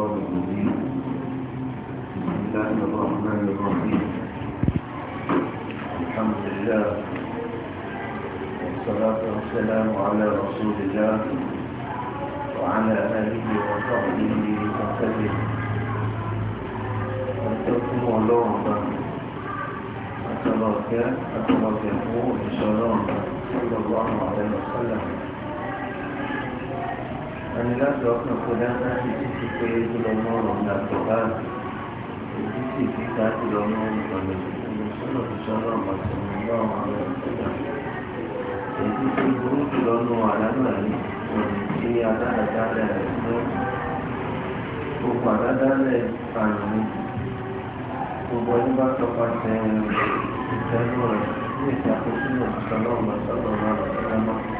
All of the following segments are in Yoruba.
الشيطان الرجيم بسم الله الرحمن الرحيم الحمد لله والصلاة والسلام على رسول الله وعلى آله وصحبه وسلم أتركم الله أتبارك أتبارك إن شاء الله صلى الله عليه وسلم ẹni láti ọkàn kó dáná sí títí pé kí lọ mọ ọ̀rọ̀ ńlá tó bá èyí sì fi ká sí lọ mọ ọ̀rọ̀ ìṣòro sọ́nà òṣìṣẹ́ náà mọ̀ sí ọ̀rọ̀ ọ̀rọ̀ ìṣòro èyí tó burú jù lọ nù àlánà yìí òní tí adáradára rẹ̀ lọ gbogbo àdáradára àrùn gbogbo ẹni bá tọpa tẹ ìtẹ́nu rẹ̀ ní ìṣàkóso náà sọ́nà ọ̀rọ̀ sọ́nà ọ̀rọ̀ sọ́nà náà.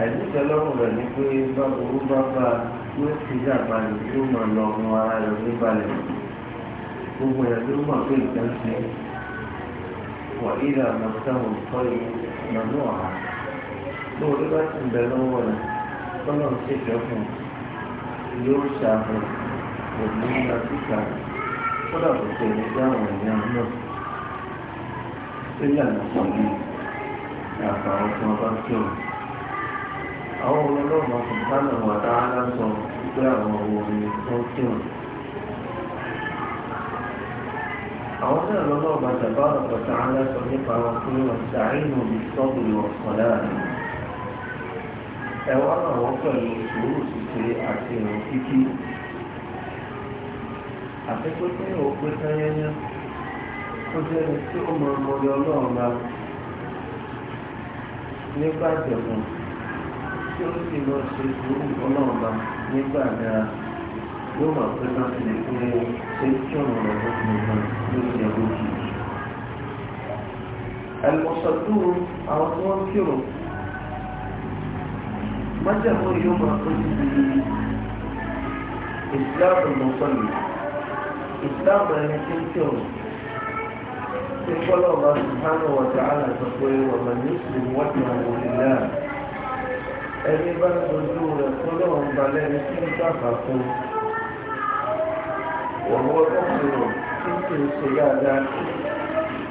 àìsíkẹ́ lọ́rùn rẹ̀ ní pé báburú bá bá yóò fi dàgbà ní tí ó mọ̀ lọ ọmọ ara rẹ̀ ní balẹ̀ gbogbo ẹ̀ tó mọ̀ pé nǹkan ṣe wà ìlà màtáwọn kọ́ ìmọ̀nú ọ̀hà lóòótọ́ bá ti bẹ lọ́wọ́ rẹ̀ kọ́nà ṣèjọ́ fún yóò ṣàbọ̀ òní ìlà síta kódà kò tẹ̀lé dáhùn ẹ̀yà náà sílẹ̀ lọ́pọ̀ yìí àbàwọ̀ tí wọ́n bá kí àwọn ọmọ ọlọ́run àkùnkánà wà dáadáa sọ pé àwọn ọmọ orin tó kírun àwọn náà lọ́nà ọba tàbára pàtà aláṣọ nípa wọn pé wọn ṣàìnù bí sọ́ọ̀bù ọ̀sọ̀lá ẹ wá àwọn pẹ̀lú sùúrù ṣíṣe àti ìrùn kíkí àti pé pé ó pé sáyẹ́yẹ́ ó jẹ́ tí ó mọ ọmọdé ọlọ́run bá nígbà tẹ̀kùn tí ó sì lọ ṣe sùúrù ọlọ́ọ̀ba nígbà náà yóò máa pẹ́ bá ti lè fún un ṣe kí ọ̀rọ̀ rẹ̀ ló fi hàn ní ìṣẹ̀ lójì. ẹ̀lọ́sọ̀dúró àwọn tí wọ́n kírun májàmú yóò máa pẹ́ síbi ìsìláàmù lọ́sọ̀lù ìsìláàmù ẹni tí ń kírun tí kọ́lọ́ọ̀ba sùhánù wọ̀tá àlàtọ̀ pé wọ́n máa ní ìsìn wọ́tí àwọn òṣèlú náà. ẹni bá dojú rẹ̀ tó lọ́wọ́ ń balẹ̀ ní kí ń tàbà fún ọ̀wọ́ tó tí ń kì í ṣe dáadáa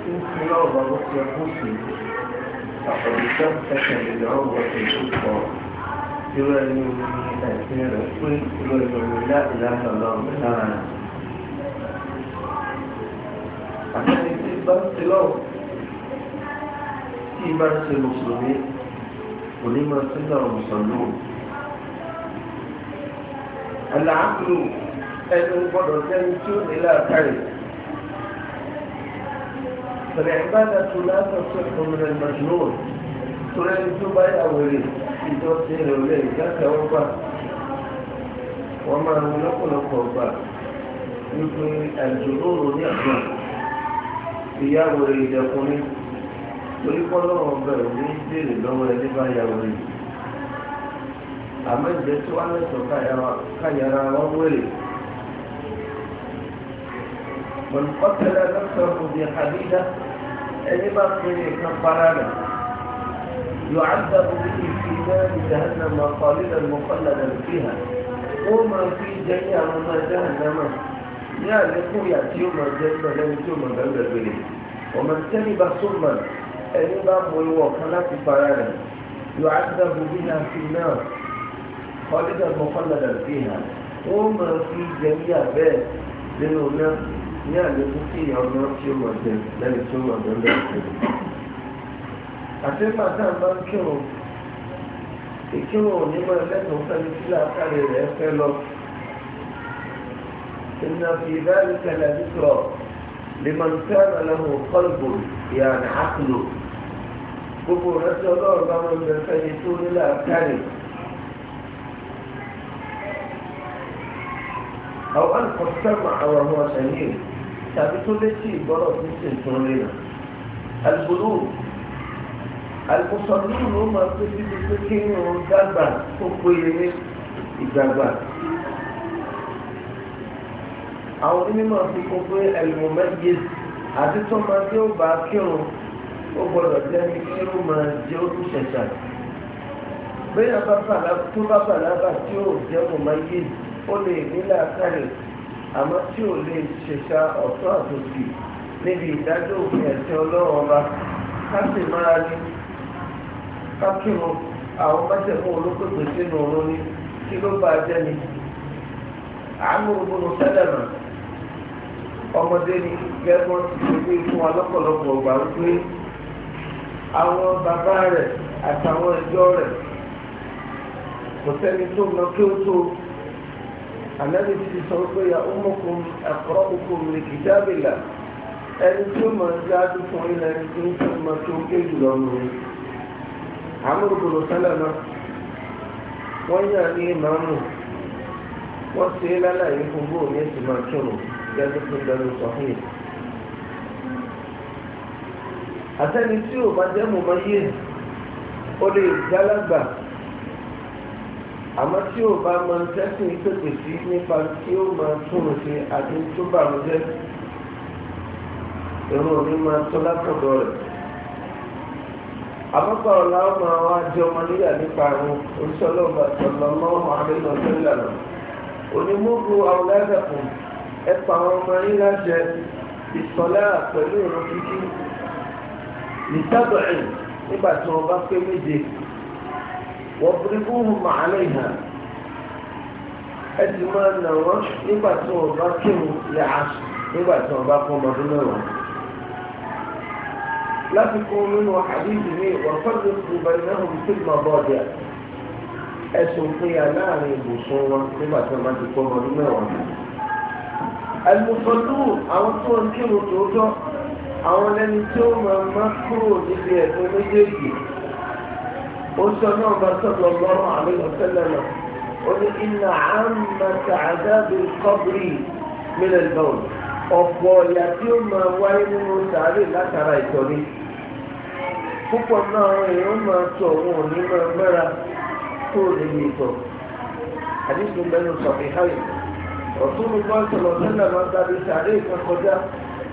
tí ń fi lọ́wọ́ bá bó ṣe kú sí àpọ̀lùsẹ́ ẹsẹ̀ ìlà ọgbà tó ń kọ́ irú ẹni omi ẹ̀sìn rẹ̀ pé irú ẹni omi láti láti ọlọ́run lára ń ṣe lọ́wọ́ tí bá ń ṣe mùsùlùmí onímọ̀ sílẹ̀ mùsùlùmù àlàáfíù ẹnu gbọ́dọ̀ jẹ́ni tí ó nílẹ̀ àtàrí bẹ̀rẹ̀ ìbáda tó lásán tó ìfọmọdé mọ̀jùmọ̀ tó lẹ́ni tó bá yà wèrè ìjọsìn rẹ̀ lẹ́ ìjákẹ́ wọn gbà wọ́n máa ń lọ́pọ̀lọpọ̀ gbà wípé àjòrò torí kọ́lọ́rọ̀ ọbẹ̀ òní béèrè lọ́wọ́ ẹni bá ya wọlé àmọ́ ìjẹ́ tí wọ́n lẹ́sọ̀ káyàrá wọn wẹ̀rẹ̀ wọn kọ́tẹ́lẹ̀ lọ́sọ̀ òbí àdídá ẹni bá fẹ́rẹ̀ kan para rẹ̀ yóò àdá òbí ìfi náà ní jahanna máa kọ́ lílẹ̀ mọ́kànlá rẹ̀ fi hàn wọ́n máa fi jẹ́ ní àwọn ọmọ jahanna máa ní àlékún ìyà tí ó máa jẹ́ ní ọ̀lẹ́ni tí ó máa bẹ̀rẹ̀ أريد هو وخلات فرارا يعذب بها في النار خالدا مخلدا فيها قوم في جميع بيت لنا يعني بكي يوم نرشي وزن لن يسوى من الأسفل أسمع سامبا كيرو كيرو نيما يفتح وصلي سلا أكاري لأفلو إن في ذلك لذكرى لمن كان له قلب يعني عقله gbogbo ìrántí ọlọ́run bá wọn jẹ fẹ́ni tó ní làákàrẹ̀. àwọn àkọsẹ́mọ̀ àwọn ọmọ ṣẹ̀yìn tàbí tó létí ìgbọ́rọ̀ tó ṣe ìtàn lẹ́nà. àlùbọ́lù àlùkòsọ̀nù ló máa tó síbi pé kí ni òun dàgbà tó péye ní ìgbàgbà. àwọn onímọ̀ fi kún pé ẹ̀lùmọ̀ mẹ́yẹ àti tó máa dé ó kírun ó gbọ́dọ̀ jẹ́ ní kí ó máa jẹ́ ó tún ṣẹ̀ṣà bẹ́ẹ̀ bàbàlá tó bàbàlábà tí ó jẹ́ kò máa yé ó lè nílà kárẹ̀ àmọ́ tí ò lè ṣẹ̀ṣà ọ̀tún àtòsí níbi ìdájọ́ òfin ẹ̀sẹ̀ ọlọ́run ọba ká sì máa ní ká kírun àwọn májẹ̀mú olókòtò sínú òun ní kí ló bá jẹ́ ni àánú sẹ́lẹ̀mà ọmọdé ni gẹ́gbọ́n ti ṣe fún wa lọ́pọ̀lọpọ̀ ọgbà wípé àwọn bàbá rẹ̀ àtàwọn ẹjọ́ rẹ̀ kò sẹ́ni tó mọ kí ó tó ànábi ti sọ pé ya ọmọkùn ẹ̀kọ́ òkun lè kìdábìlà ẹni tó mọ̀ ní láti fún ilẹ̀ ní tó mọ̀ tó gé jùlọ nù àwọn òbòrò sálẹ̀ náà wọ́n yàn ní ìmáàmù wọ́n ṣe é lálàyé fún bóun ní ìsìnkú àtúnù yẹ́n tó tó dẹnu sọ̀hìn àtẹ́ni tí ò bá jẹ́ mọ̀ máa yé ó lè jálágbà àmọ́ tí ò bá máa tẹ́sìn pèpè sí nípa tí ó máa túnú sí àti tó bà mí jẹ́ ẹ̀rọ òní máa tọ́ látọ̀dọ̀ rẹ̀ àmọ́pá ọ̀la ó máa wá jẹ́ ọmọ níyà nípa àwọn oníṣọ́lọ́ọ̀bà ọ̀lọ́mọ́ àmínà ọ̀lẹ́lànà onímọ̀gbò àwòlẹ́dẹ̀kùn ẹ̀pà àwọn ọmọ yín láṣẹ ìsọ̀lá pẹ̀lú ìrọ̀ kíkí nìtàbọ̀ ẹ̀ nígbà tí wọ́n bá pé méje wọ́n fi kúrú màálẹ̀ ìhà ẹ ti máa nà wọ́n nígbà tí wọ́n bá kírun yà á sùn nígbà tí wọ́n bá fún ọmọdún mẹ́wàá. láti kún nínú àdéhùn mi wọ́n fọ́dọ̀ ìgbà ìnáwó tí mo bọ̀ dẹ̀ ẹ̀sùn péyà láàrin ibùsùn wọn nígbà tí wọ́n bá ti fún ọmọdún mẹ́wàá. ẹ̀lùfọ́dún àwọn tí wọ́n kírun tòótọ́ àwọn ẹni tí ó máa má kúrò níbi ẹ̀sìn méjèèjì ó sọ náà bá sọ̀rọ̀ lọ́rùn àlejò tẹ́lẹ̀ lọ ó ní iná àmàtà àdábì kọ́bìrì mílẹ̀ lọ́wọ́ ọ̀pọ̀ ọ̀yà tí ó máa wáyé nínú sàárè látara ìtọ́ni púpọ̀ náà àwọn èèyàn máa tọ̀ wọn ò ní máa mẹ́ra kúrò níbi ìtọ̀ àdísùn mẹ́nu sọ̀fìn háyì ọ̀tún mi bá sọ̀rọ̀ tẹ́lẹ̀ máa dábì sàárè kọjá.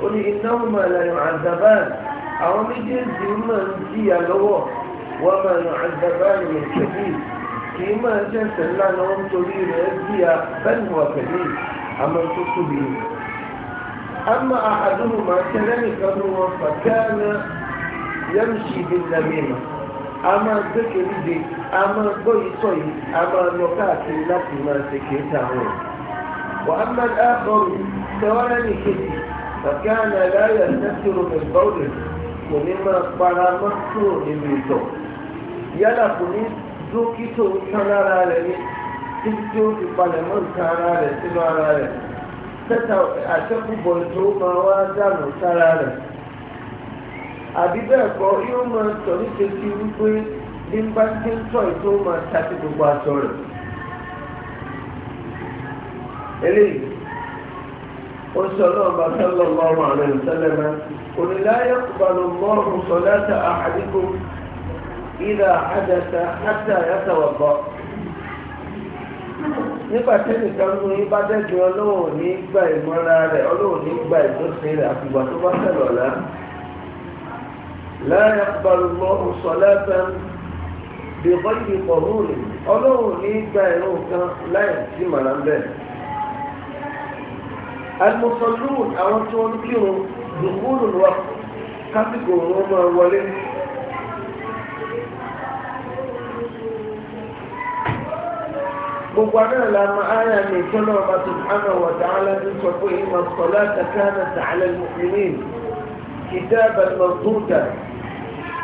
قل إنهما لا يعذبان أو مجل ديما نزي لغوه وما يعذبان من كبير كيما جلس الله نوم تبير أزيا بل هو كبير أما تصبير أما أحدهما كلمة قبره فكان يمشي بالنميمة أما ذكر دي أما بوي صوي أما نقاط التي ما ذكرته وأما الآخر سواني كبير فكان لا يستكثر من قوله onímọ̀ paramọ́ kúrò nínú ìtọ̀ yálà kò ní dókítà nǹkan lára rẹ̀ ní títí tí ó fi palẹ̀ mọ́ nǹkan ara rẹ̀ sínú ara rẹ̀ tẹ́tà àṣẹ́kùbọ̀ tó máa wá dànù sára rẹ̀ àbí bẹ́ẹ̀ kọ́ yóò máa tọ̀ níṣe sí وصلى الله صلى الله عليه وسلم قل لا يقبل الله صلاة أحدكم إذا حدث حتى يتوضأ nígbà tẹ́nìkan ló ní bá dẹ́gbẹ́ ọlọ́wọ́ ní gba ìmọ̀ra rẹ̀ ọlọ́wọ́ ní gba ìjọsìn rẹ̀ àfìgbà tó bá tẹ̀lọ̀ lá la yaqbalu Allahu salatan bi ghayri qabul ọlọ́wọ́ ní gba ìrún kan láì sí màrà bẹ́ẹ̀. المصلون àwọn tí دخول الوقت dùkúrù lọ́wọ́ kásìkò wọn máa wọlé gbogbo anáà la ma áyà ní ìtọ́nà ọba subhanahu wa ta'ala ní sọ pé inna as-salata kanat 'ala al-mu'minin kitaban mawquta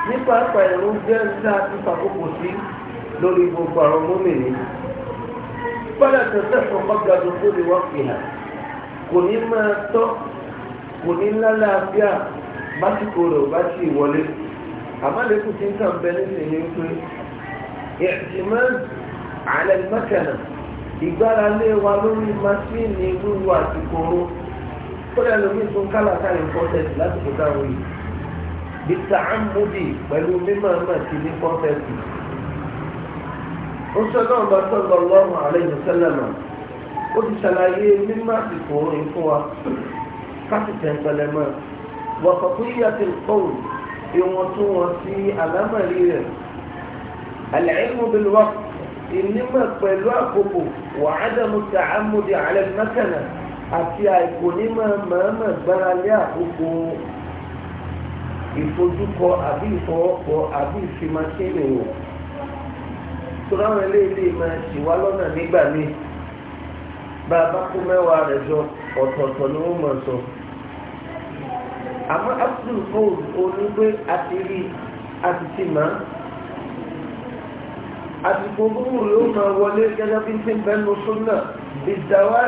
nípa àpà ìrún jẹ́ níta àti fàkókò sí lórí gbogbo àwọn mọ́mìnì. Fọ́lá tẹ̀sẹ̀ fún ọgbà tó tó lè wọ́n fi kò ní máa tọ́ kò ní lálàáfíà básìkò rẹ̀ bá ti wọlé àmàlẹ́kùn ti ń kàn bẹ nísìnyí pé ìtìmọ́ àlẹ́ mẹ́kànnà ìgbára lé wa lórí masíìnì wíwo àsìkò oró kódà lómi tún kálàkálì kọ́tẹ́sì lásìkò dáhùn yìí bíta àmúdì pẹ̀lú mímọ́ọ́mọ́ ti ní kọ́tẹ́sì. ó sọ náà bá lọ́rùn àlẹ́ ìṣẹ́lẹ̀ náà. ó ti ṣàlàyé mímọ́ àsìkò orin fún wa káṣìṣẹ́ ìpẹlẹmọ́ wọ̀sọ̀ tó yíyá ti kọ́wù ìwọ̀n tó wọ́n sí àlámọ̀rí rẹ̀ àlẹ́ẹ̀mú bílúwà ìnímọ̀ pẹ̀lú àkókò wà ádámù tà ámúdi àlẹ́ mẹ́kànnà àti àìkò nímọ̀ mọ̀ọ́mọ̀ gbára lé àkókò ìfojúkọ àbí ìfọwọ́pọ̀ àbí ìfimaṣẹ́ ìrìn tó láwọn eléyìí máa ṣì wá lọ́nà nígbà míì bá a bá kó mẹ́wàá rẹ̀ jọ ọ̀tọ̀ọ̀tọ̀ ni wọ́n mọ̀ sọ. àmọ́ absolute gold onígbé àti rí àti ti máa àsìkò gbogbo yóò máa wọlé gẹ́gẹ́ bí ti ń bẹ́ ìdáwà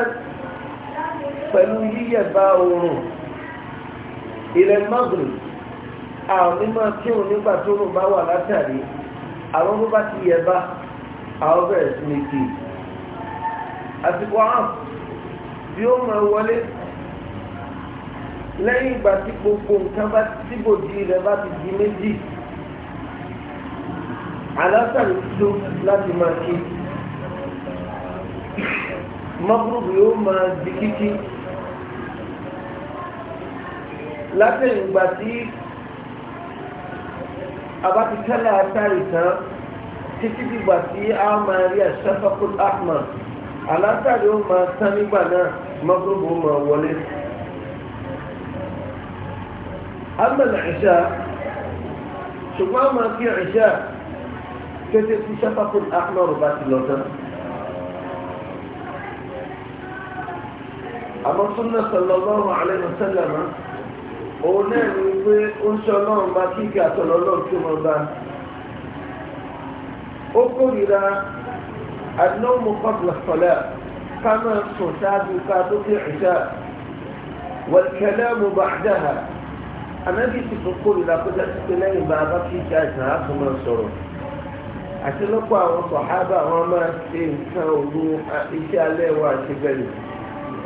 pẹ̀lú yíyẹ̀bá oòrùn ilẹ̀ magre àwọn onímọ̀ tí òun nígbà tó rùn bá wà látàrí àwọn tó bá ti yẹ̀bá àwọn bẹ̀rẹ̀ sí ni kìí àsìkò àwọn yóò máa wọlé lẹ́yìn ìgbà tí gbogbo nǹkan bá síbòdì rẹ̀ bá ti di méjì alásàlù tó láti máa kí mọ́kúrúbù yóò máa di kíkí látẹ̀yìn ìgbà tí abátikálà àtàrí tán títí dìgbà tí a máa rí àṣàfàkùn ahmad alátàrí ó máa tán nígbà náà mọ́gbọ́gbọ́ ó máa wọlé amẹ́nà ìṣá ṣùgbọ́n a máa kí ìṣá kété tí sáfàkùn ahmar bá ti lọ tán àmọ́ súnà sallallahu alaihi wasallam òun náà ní pé ó ń sọ náà bá kíkà tọ̀lọ́lọ́ tó mọ́ bá ó kórìíra النوم قبل الصلاة كما صتاب كاتب العشاء والكلام بعدها أنا جيت تقول لقد أتلي بابك جاءتنا ثم انصروا àtìlọ́pọ̀ àwọn sọ̀hábà wọn máa ń ṣe nǹkan ogun iṣẹ́ alẹ́ wa àti bẹ́ẹ̀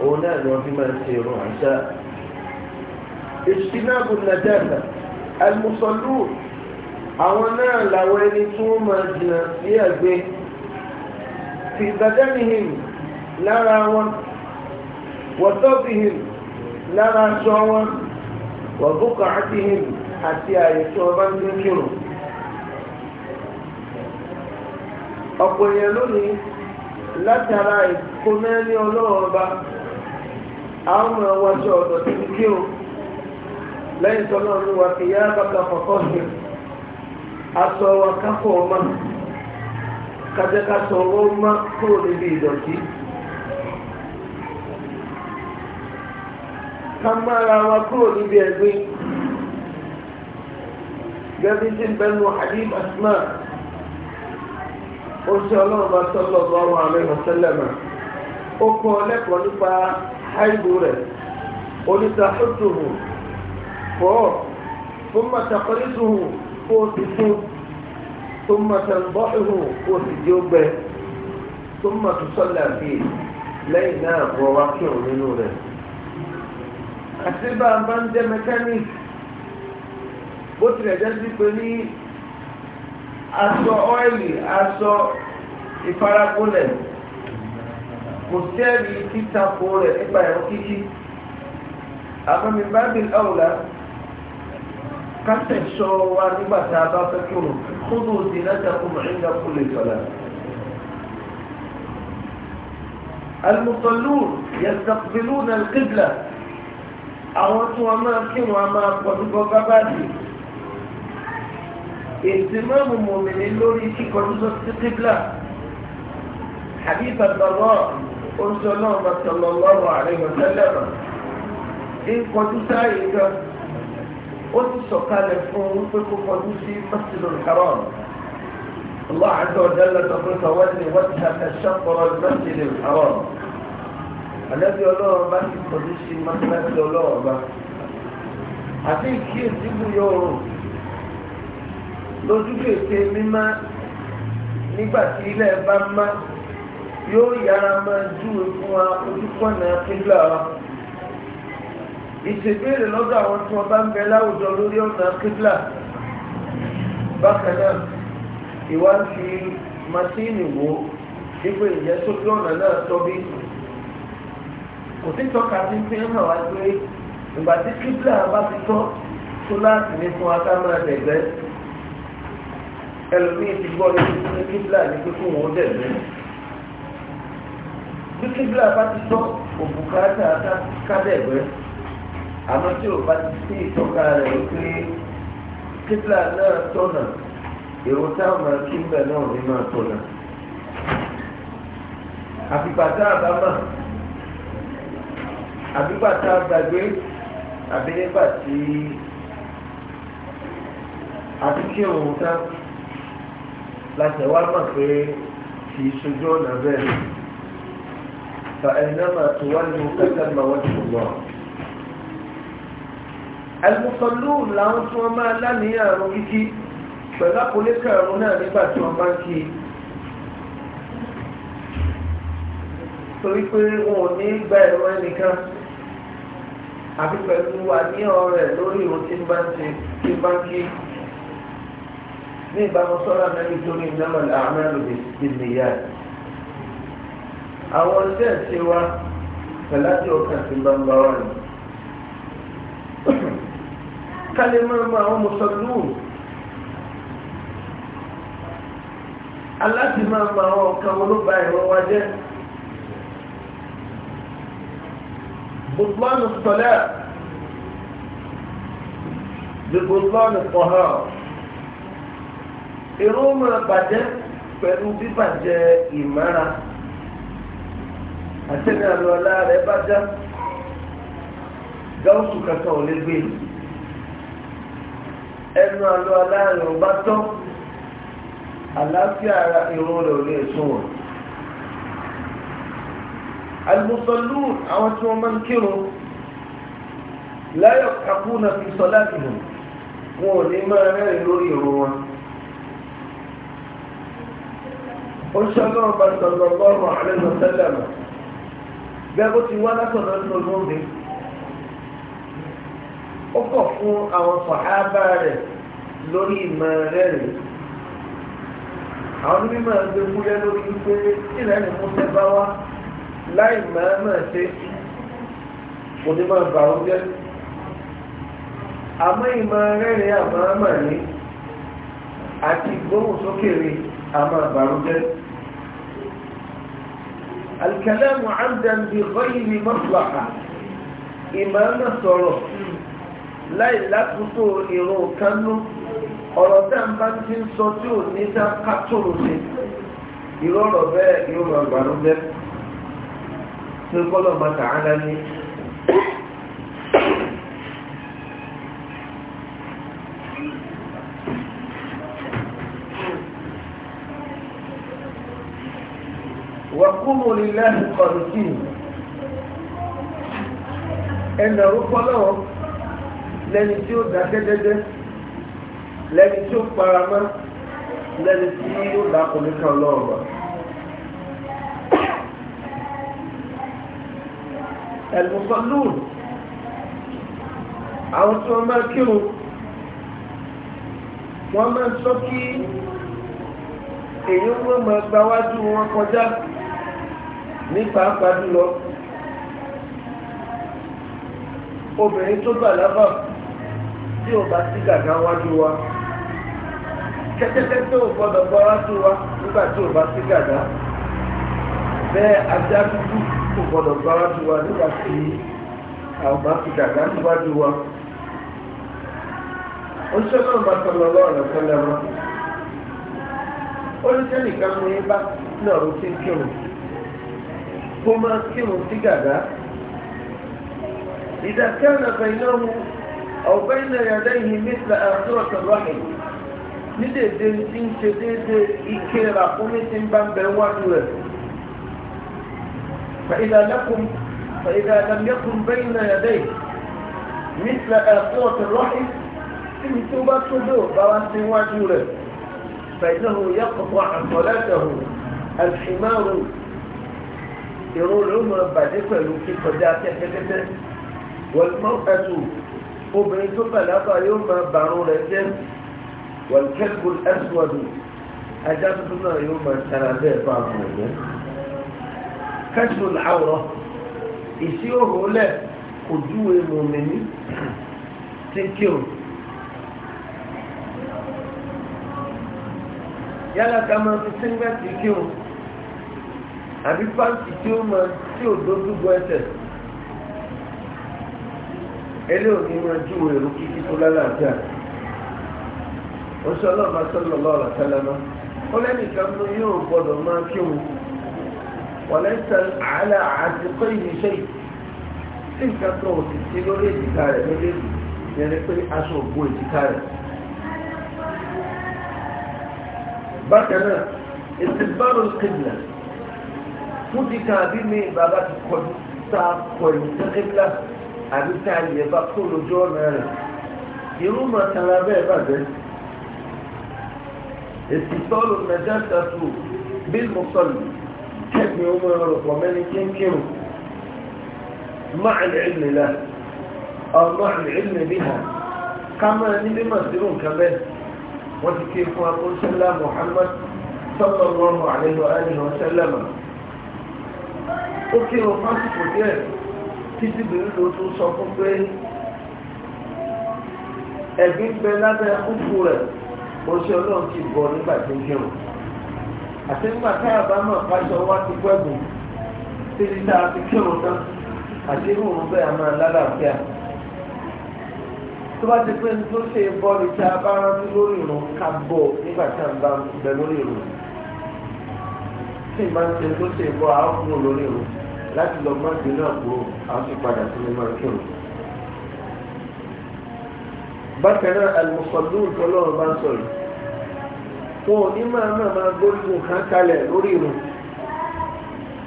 òun náà ni wọ́n fi máa ń ṣe irun àṣà. ìṣínáàbù nàdàdà àlùmùsọ̀lù àwọn náà làwọn ẹni tí wọ́n máa jìnnà sí ẹ̀gbẹ́ في بدنهم lára wọn wọ́tọ́bìhìn lára aṣọ wọn wọ́bùkà àtìhìn àti àyètò ọba ń gbé kírun. ọ̀pọ̀ èèyàn lónìí látara ìkómẹ́lì ọlọ́run ọba àwọn ọmọ ọ̀dọ̀ tó ti kírun lẹ́yìn tọ́lọ́run wa kìí yára bàtà fọ̀kọ́ aṣọ wa kápọ̀ ọmọ kájẹ́ká sọ ọwọ́ má kúrò níbi ìdọ̀tí ká mára wa kúrò níbi ẹ̀gbin gẹ́gẹ́ tí ń bẹnu hadith asma ó ṣe ọlọ́run bá sọ́lọ́ bá wà lẹ́yìn ọ̀sẹ́lẹ̀mà ó kọ́ lẹ́kọ̀ọ́ nípa haibu rẹ̀ oníta ó tòhùn fọ́ fún màtàkọ́lẹ́tòhùn fún òtítún. ثم تنضحه وتجوبه ثم تصلى فيه لينا وواقع منونه àtìbà bá ń jẹ́ mechanic bó tilẹ̀ jẹ́ sí pé ní aṣọ ọ́ìlì aṣọ ìfarakúnlẹ̀ kò sẹ́ẹ̀rì títakò rẹ̀ nípa ẹ̀rọ kíkí àmọ́mi bábìlì ọ̀la kásẹ̀ sọ wa nígbà tá a bá fẹ́ kírun خذوا زينتكم عند كل الفلاح المصلون يستقبلون القبلة أعوات وماكن وما قدوك بادي اهتمام من اللوري في قدوك القبلة حبيب الضراء أرسل الله صلى الله عليه وسلم إن كنت قدوك ó ti sọ̀kalẹ̀ fún un pé kó kọjú sí masjidul haram Allah azza wa jalla tọkùn tawalli wajhaka shatra masjidul haram àlẹ́bí ọlọ́run bá ti kọjú sí masjidul ọlọ́run bá àti ìkíyèsí bú yọ lójú kèké mímá nígbà tí ilẹ̀ bá má yóò yára máa júwe fún wa ojú kọ́nà kíbla wa ìṣèbéèrè lọ́dọ̀ àwọn tí wọ́n bá ń bẹ láwùjọ lórí ọ̀nà kíblà bákan náà ìwà ń fi masíìnì wò ipò ìjẹ́ sójú ọ̀nà náà tọ́bí kò sí tọ́ka sí fi hàn wá pé ìgbà tí kíblà bá ti tọ́ tó láti ní fún akámọ́ra dẹ̀gbẹ́ ẹlòmíì ti gbọ́ ní fún kíblà ní pé kó dẹ̀gbẹ́ bí kíblà bá ti tọ́ òbúkátà ká àmọ́ tí o bá ti sí ìtọ́ka rẹ̀ wípé kíkà náà tọ̀nà èrò táwọn máa kí ń bẹ̀ náà ní máa tọ̀nà. àfipàtà àbámà àbípàtà àgbàgbé àbí nígbà tí àtúnkí òun tá láti wá mọ̀ pé kì í sojú ọ̀nà bẹ́ẹ̀ fa ẹ̀nàmà tó wá nínú kẹta máa wọ́n ti wọ̀ àìmùsọ̀lùm làwọn tí wọ́n máa lánìyàn àrùn kíkí pẹ̀lú àkọlé kẹrùn náà nígbà tí wọ́n bá ń kí torí pé wọn ò ní gba ẹ̀rọ ẹnìkan àfi pẹ̀lú àníyàn rẹ̀ lórí ìrùn tí bá ń ṣe tí bá ń kí ní ìbámu sọ́ra náà nítorí ìnáwó àmọ́ ẹ̀rọ ìdílé àwọn iṣẹ́ ìṣe wa pẹ̀lú àti ọkàn tí bá ń bá wà nìyí kálẹ̀ máa ma àwọn mùsùlùmí aláti máa ma àwọn ọ̀kan olóba ẹ̀rọ wa jẹ́ bùtùmánù sọlẹ̀ bùtùmánù pọ̀hà irú máa bàjẹ́ pẹ̀lú bíbàjẹ́ ìmára àti ní àlọ́ ọ̀la rẹ̀ bá gáúsù kankan ò lè gbé yìí ẹnu àlọ́ aláàrin ọba tán àlàáfíà ara irun rẹ̀ ò lè sùn wọ̀n. alùsọ̀lù àwọn tí wọ́n máa ń kírun láyọ̀ kakúnà fi sọ láti mọ̀ wọn ò ní máa rẹ́rìn lórí irun wọn. ó ṣọ́gbọ́n ọba sọ̀rọ̀ lọ́rùn àlẹ́ lọ́sẹ̀lẹ̀ mọ̀ bẹ́ẹ̀ bó ti wá látọ̀dọ̀ nínú olóńgbé ó pọ̀ fún àwọn sàhábà rẹ̀ lórí ìmọ̀ rẹ̀ rẹ̀ àwọn onímọ̀ gbé múlẹ̀ lórí wípé ìlànà ìmúṣẹ bá wá láì máa máa ṣe onímọ̀ bà ó jẹ́ àmọ́ ìmọ̀ rẹ̀rẹ̀ àmọ́ ní àti gbóhùn sókèrè àmọ́ bà ó jẹ́ alkalamu amdan bi ghayri maslaha ìmọ̀ náà sọ̀rọ̀ láì lákòókò ìrun kánú ọ̀rọ̀ tá a ń bá ti ń sọ tí ò ní dá kátòrò ṣe irú ọ̀rọ̀ bẹ́ẹ̀ yóò máa gbàrú bẹ́ẹ̀ pé kọ́lọ̀ máa tà á lálé. wàkúmù lílẹ́ àti kọ̀ọ̀tì ẹnà orúkọ lẹ́ni tí ó dákẹ́ dẹ́dẹ́ lẹ́ni tí ó paramá lẹ́ni tí ó dákọ̀ nìkan lọ́ọ̀rọ̀. ẹ̀lùmọ́lùn àwọn tí wọ́n máa kírun wọ́n máa sọ kí èyí wọ́n máa gbáwájú wọn kọjá ní pàápàá jùlọ obìnrin tó bà lábàá tí ò bá sí gàgá wájú wa kẹ́tẹ́kẹ́tẹ́ ò gbọ́dọ̀ gbọ́ wájú wa nígbà tí ò bá sí gàgá bẹ́ẹ̀ ajá dúdú kò gbọ́dọ̀ gbọ́ wájú wa nígbà tí àwọn bá sí gàgá níwájú wa ó ṣe náà máa tọ́ lọ lọ́rọ̀ tẹ́lẹ̀ wọn ó ní sẹ́ni mú yín bá náà ló kírun kó máa kírun sí gàgá ìdàkẹ́ ọ̀nà kan او بين يديه مثل اخرة الرحيم نده دنسين شديد اكيرا قمتن بان بواجوة فاذا لكم فاذا لم يكن بين يديه مثل اخرة الرحم الرحيم انتبا تدو براسن واجوة فانه يقطع صلاته الحمار يرول عمر بعد كيف يمكن فجاءك والمرأة obìnrin tó bàlágà yóò máa bàrún rẹ̀ jẹ́ wàlkẹ́kù ẹ́sùwọ̀dù ajá tuntun náà yóò máa tara bẹ́ẹ̀ bá àwọn ọ̀dọ́ kẹ́sùn àwòrán ìsí òhò lẹ̀ kò júwe mọ̀mìnì tí kírun yálà ká máa fi síngẹ́tì kírun àbí pàǹtì tí ó máa tí ò dójú bọ ẹsẹ̀ ẹlẹ́ òní máa jú èrò kíkí tó lálàáfíà oṣù ọlọ́ọ̀bá sọ́lọ̀ lọ́ọ̀rọ̀ sálámà ó lẹ́nìkan ló yóò gbọ́dọ̀ máa kírun wọ̀lẹ́sẹ̀ àálà àti kọ́ ìrìnsẹ́ tí nǹkan kan ò sì sí lórí èjìká rẹ̀ méjèèjì yẹn ni pé aṣọ ògbó èjìká rẹ̀ bákan náà ìsìnbárò kìnnà fún kíkà bí mi bàbá ti kọjú sáà kọ ìrìnsẹ́ àbí tí àyè bá kó lójú ọ̀nà rẹ̀ irú mọ̀tàlá bẹ́ẹ̀ bàjẹ́ èsì tọ́lù nàìjíríà tó bíl mùsọ̀lù kẹ́gbìn ọmọ ọ̀rọ̀pọ̀ mẹ́ni kínkírù máàlì ìlú la ọ̀rọ̀ ìlú bí ha ká máa ní mímọ̀ sírù nǹkan bẹ́ẹ̀ wọ́n ti ké fún akóṣẹ́lá Muhammad sallallahu alaihi wa alihi ó kí wọn fásitì díẹ̀ titi ló tún sọ fún pé ẹ̀gbín bẹ lábẹ́ kúkú rẹ̀ ó ṣe ọlọ́run ti bọ̀ nígbà tó jẹun àti nígbà a bá mọ̀ pàṣẹ wá ti gbẹ́gùn títí tá a ti kírun tán àti máa lálàáfíà tó bá ti pé ní tó ṣe a bá rántí lórí ká bọ̀ nígbà láti lọ mọ́tò náà kó àtúpadà tó lè máa kírun. bákan náà àlùmọ̀sọ̀lù ìtọ́lọ́run bá ń sọ̀rọ̀ wọn ò ní máa máa máa gbórígun kan kalẹ̀ lórí irun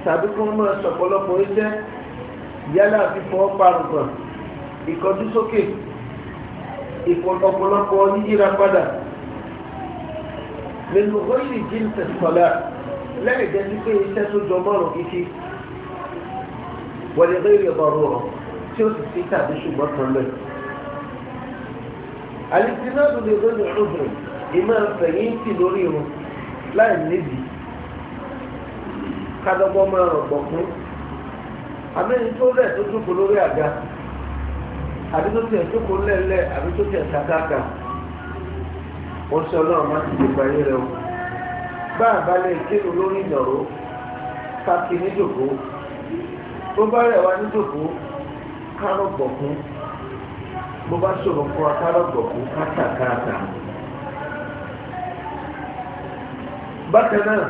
tàbí kí wọ́n máa sọ̀pọ̀lọpọ̀ iṣẹ́ yálà fífọ́ parùkàn ìkọjú sókè ìpọ̀lọpọ̀lọpọ̀ yíyíra padà nínú ó sì jí ń tẹ̀síkọ̀lá lẹ́yìn jẹ́ sí pé iṣẹ́ tó jọ mọ́rùn kíkí wọ́n lè rí ọ̀rọ̀ rọ̀ tí ó sì fi tàbí ṣùgbọ́n kan lẹ̀. àlìsí náà ló lè lóyún ọdún ìmọ̀ fẹ̀yìntì lórí irun láì nídìí kádọ́gbọ́n máa rọ̀ gbọ̀kún àmẹ́ni tó rẹ̀ tó jókòó lórí àga àbí tó tiẹ̀ jókòó lẹ́lẹ́ àbí tó tiẹ̀ kàkàkà wọ́n sọ náà má ti dìgbà yé rẹ̀ o bá àbálẹ̀ ìkéde lórí ìnàró káàkiri níjòkó tó bá rẹ̀ wá níjòkó kárọ̀ gbọ̀kún bó bá ṣòro fún wa kárọ̀ gbọ̀kún kátàkárà. bákan náà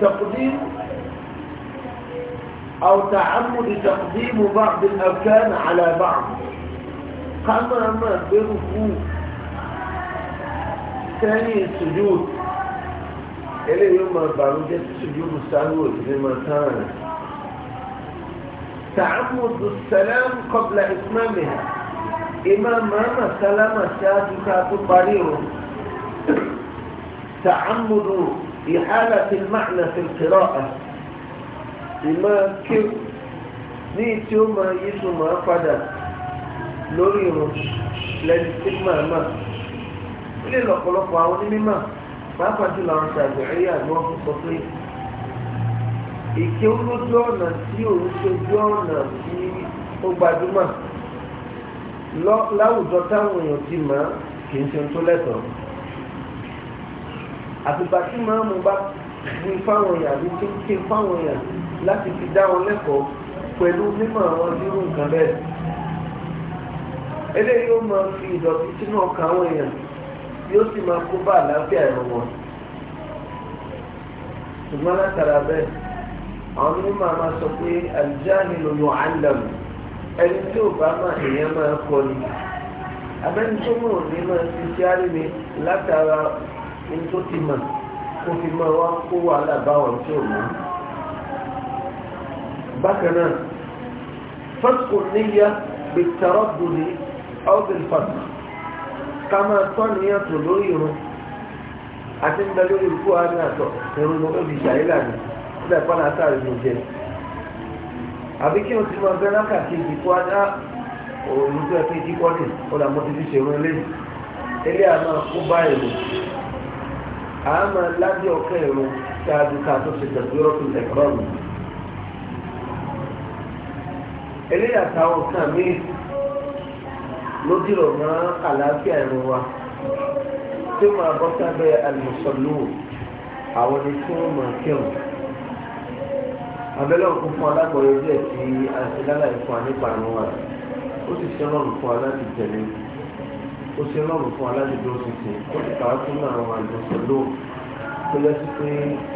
تقديم أو تعمد تقديم بعض الأركان على بعض قام أما بركوع ثاني السجود eléyìí ó máa bànújẹ́ títí yóò sáré òṣèré máa tán rẹ̀. tààmùdù sẹlẹm kọbla ìsúnámì ìmá màmá sálámà ṣáájú ká tó parí o. tààmùdù ìhálà ti máàlà fi kìlọ̀ ẹ̀. ìmá kí ní tí ó máa yí sùn máa padà lórí irun lẹ́yìn tí màmá. ilé lọ̀pọ̀lọpọ̀ àwọn onímọ̀ pàápàá jù làwọn ṣàgbéyé àgbọn fún sọ pé ìké olójú ọ̀nà tí òun ṣojú ọ̀nà tí ó gbajúmọ̀ láwùjọ táwọn èèyàn ti mọ̀ kì í ṣe tó lẹ́tọ̀ọ́ àtùgbà tí màámu bá wí fáwọn èèyàn àbí tó ké fáwọn èèyàn láti fi dá wọn lẹ́kọ̀ọ́ pẹ̀lú mímọ̀ àwọn irú nǹkan bẹ́ẹ̀ eléyìí ó máa fi ìdọ̀tí sínú ọkàn àwọn èèyàn yóò sì máa kó bá àlàáfíà ẹ̀rọ wọn ṣùgbọ́n látara bẹ́ẹ̀ àwọn onímọ̀ àmà sọ pé àlùjáàní ló yọ àńdàmù ẹni tí ò bá máa èèyàn máa kọ ni abẹ́ni tó mọ̀ ní máa ti ṣe àríwé látara ní tó ti mọ̀ kó fi máa wá kó wàhálà báwọn tí ò mọ̀ bákan náà fásitì níyà bìtàrọ́bùnì ọ̀gbìn fásitì. ká máa tọ́ níyàn tó lórí irun àti ń bẹ lórí ikú àárín àtọ̀ ẹ̀rù ló ń di ṣàyẹ̀lá ni ó bẹ̀ pọ́n àtà rẹ̀ ló jẹ. àbí kí o ti máa bẹ lákàtí ìdìkú ajá ah, òòrùn tó ẹ fi jí kọ́lé ó là mọ́ ti fi ṣèrún eléyìí ilé àmà kó bá èrò àmà lábẹ́ ọ̀kẹ́ èrò ṣáájú ká tó ṣe tẹ̀síwọ́rọ́tò ẹ̀kọ́ mi. eléyà táwọn kan míì ló dìrọ̀ mọ́ àlàáfíà ẹ̀rọ wa tí ó máa bọ́ sábẹ́ àlùmọ̀sọ̀lù àwọn ẹni tí wọ́n máa kírun. abẹ́lẹ́ òkú fún alágbọ̀ọ́yọ́ díẹ̀ tí àṣìlára ìfún nípa àrùn wa ó sì ṣe lọ́rùn fún aláàbì tẹ̀lé ó ṣe lọ́rùn fún aláàbì tó ṣiṣẹ́ ó sì kàá fún àwọn àlùmọ̀sọ̀lù tó yẹ sí pé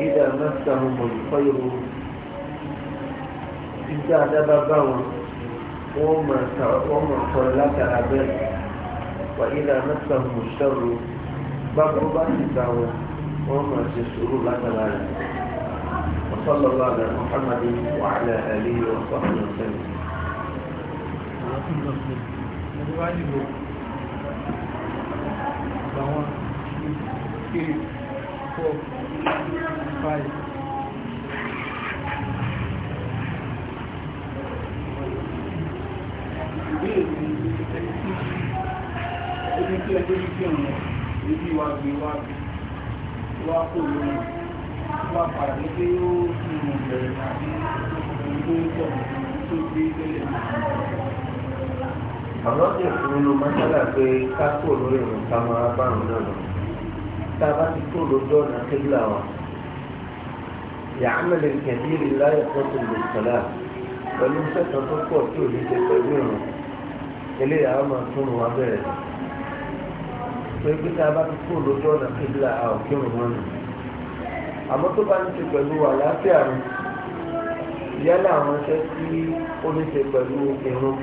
ìdá náà sàmùmọ̀ ìfọ́yọ̀ ìdá adábá bá wọn wọ́n máa ta wọ́n máa kọrọ látara bẹ́ẹ̀ wà ilé anáta mùsọ̀rọ̀ gbàgbọ́ bá ti ta wọn wọ́n máa ṣe sùúrù látara rẹ̀ وصلى الله على محمد وعلى آله وصحبه وسلم Thank you. jẹ́ pé kí ọ̀nà ibi wa gbé wá bí wá kó lórí wá padà ní pé ó kí ọmọ bẹ̀rẹ̀ tàbí ohun tó ń tọ̀ tó gbé tẹ́lẹ̀. àwọn ọ̀sẹ̀ fún nínú mọ́sálà pé ká kó lórí ìrùn ká máa bá àrùn náà lọ tá a bá ti kó lójú ọ̀nà kébìlà wa yàámẹ́ lè kẹ̀dí rí láyé fọ́tò lè sọ̀lá pẹ̀lú sẹ́tàn tó pọ̀ tí ní ṣe pẹ̀lú ìrùn eléyàwó máa tún wọn bẹ̀rẹ̀ sí torí pé tí a bá ti kó lójú ọ̀nà kíbla a ò kírun wọn nù àmọ́ tó bá ní ṣe pẹ̀lú àlàáfíà rẹ yálà àwọn iṣẹ́ tí ó ní ṣe pẹ̀lú ìrun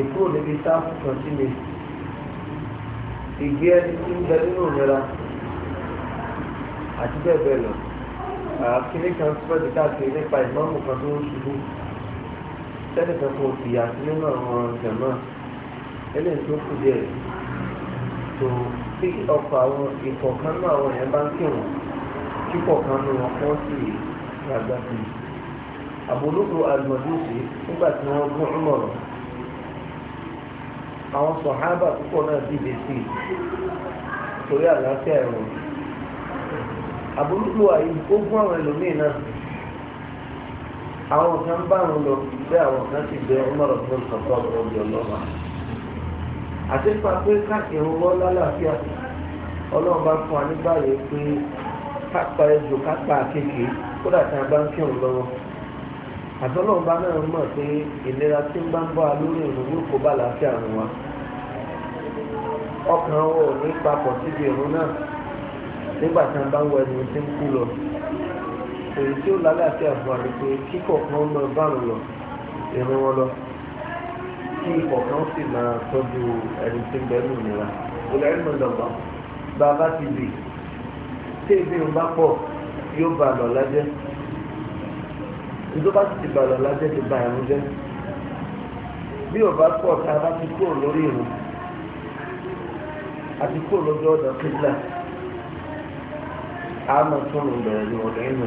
ìkúrò níbi sáfù kan sí mi ìgbé ẹni tí ń bẹ nínú ìnira àti bẹ́ẹ̀ bẹ́ẹ̀ lọ kíní kan sọ́ọ̀dì káàkiri nípa ìmọ̀ọ́mù kan tó ń ṣubú sẹ́nìkan kan ò fìyà sí nínú àwọn jẹ̀mọ́ eléyìí tó kù díẹ̀ tó bí ọ̀pọ̀ àwọn ìkọ̀ọ̀kan náà àwọn èèyàn bá ń kírun tí kọ̀ọ̀kan ní wọn kọ́ sí ìgbàgbà sí i àbólógbò àgbọ̀dúnṣe nígbà tí wọ́n gún ọmọrọ̀ àwọn sọ̀hábà púpọ̀ náà dìde sí i torí àlàáfíà ẹ̀rọ àyè ó gún àwọn náà àwọn kan bá wọn lọ àwọn kan àti nípa pé káàkiri wọ́n lálàáfíà ọlọ́run bá fún wa nígbà yẹn pé kápá ẹjọ́ kápá kéèké kódà tí a bá ń kírun lọ́wọ́ àtọ́lọ́run bá náà mọ̀ pé ìlera tí ń bá ń bọ́ a lórí ìrùn yóò kó bá làáfíà rùn wa ọkàn wọn ò ní papọ̀ síbi ìrún náà nígbà tí wọn bá ń wọ ẹni tí ń kú lọ èyí tí ó lálẹ́ àti àbúrò àti pé kíkọ̀ kan mọ bárùn lọ ìrún wọn lọ kí ìkọ̀ọ̀kan sì máa tọ́jú ẹni tí ń bẹ nù nira olùdarí mọ̀ dọ̀gbọ́ bàbá ti bì tí ebi ń bá pọ̀ yóò bà lọ lájẹ́ nítorí bá ti bà lọ lájẹ́ ti bà ẹ̀rù jẹ́ bí ò bá pọ̀ tá a bá ti kúrò lórí ìrùn àti kúrò lójú ọ̀dọ̀ kíkà a máa tún un bẹ̀rẹ̀ ní ọ̀dọ̀ ìrìn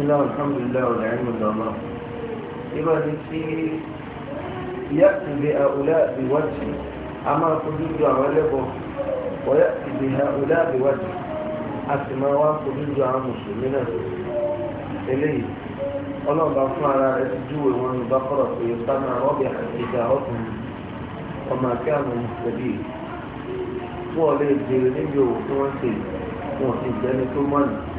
iná alhamdulillah ọ̀dà ẹ̀mí lọ́mọ. Ibà ni tí ìyá ìbí àwùlá ìwádìí a máa fojú ju àwọn ẹlẹ́bọ̀ ọ̀yá ìbí àwùlá ìwádìí a sì máa wá fojú ju àwọn mùsùlùmí náà. Eléyìí ọlọ́ọ̀bá fún ara rẹ̀ ti júwe wọn ní bákọ́rọ̀ pé sáma ọ̀bẹ àtìgbà ọ̀tún ọmọ àti àwọn mùsùlùmí fún ọ̀lẹ́ ìdèrè níbi òwò tí wọ́n wọn ti jẹ́ni tó mọ̀nà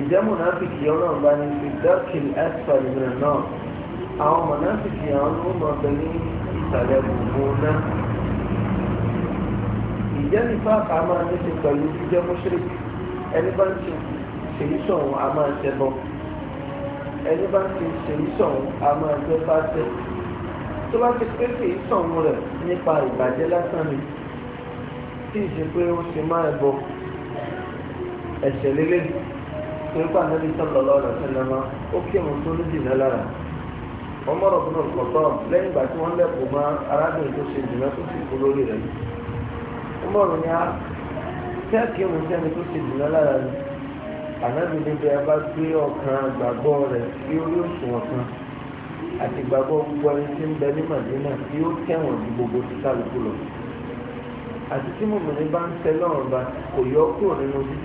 ìjẹ́ mọ̀nàfíkì ọlọ́run bá ní fi dọ́kìlì ẹ́sọ̀rì rẹ̀ náà àwọn mọ̀nàfíkì àwọn ló mọ̀ bẹ ní ìsàlẹ̀ gbogbo náà ìjẹ́ nípa àká máa ní ṣe pẹ̀lú jíjẹ́ mọ́ṣíríkì ẹni bá ń ṣe ṣèyí sọ̀hún a máa ṣẹ bọ́ ẹni bá ń ṣe ṣèyí sọ̀hún a máa ṣẹ bá ṣẹ tó bá ti pé ṣèyí sọ̀hún rẹ̀ nípa ìbàjẹ́ lásán ni tí ì ṣe pé ó ṣe máa bọ ẹ̀ṣẹ̀ lélẹ́yìn nípa níbi sallallahu alaihi wasallam ó kí òun tó ní jìnnà lára ọmọ rẹ̀ fún ọ̀pọ̀tọ̀ lẹ́yìn ìgbà tí wọ́n lẹ́kọ̀ọ́ mọ́ arábìnrin tó ṣe jìnnà tó sì kú lórí rẹ̀ ọmọ rẹ̀ ni a tẹ́ẹ̀kì òun sẹ́ni tó ṣe jìnnà lára ni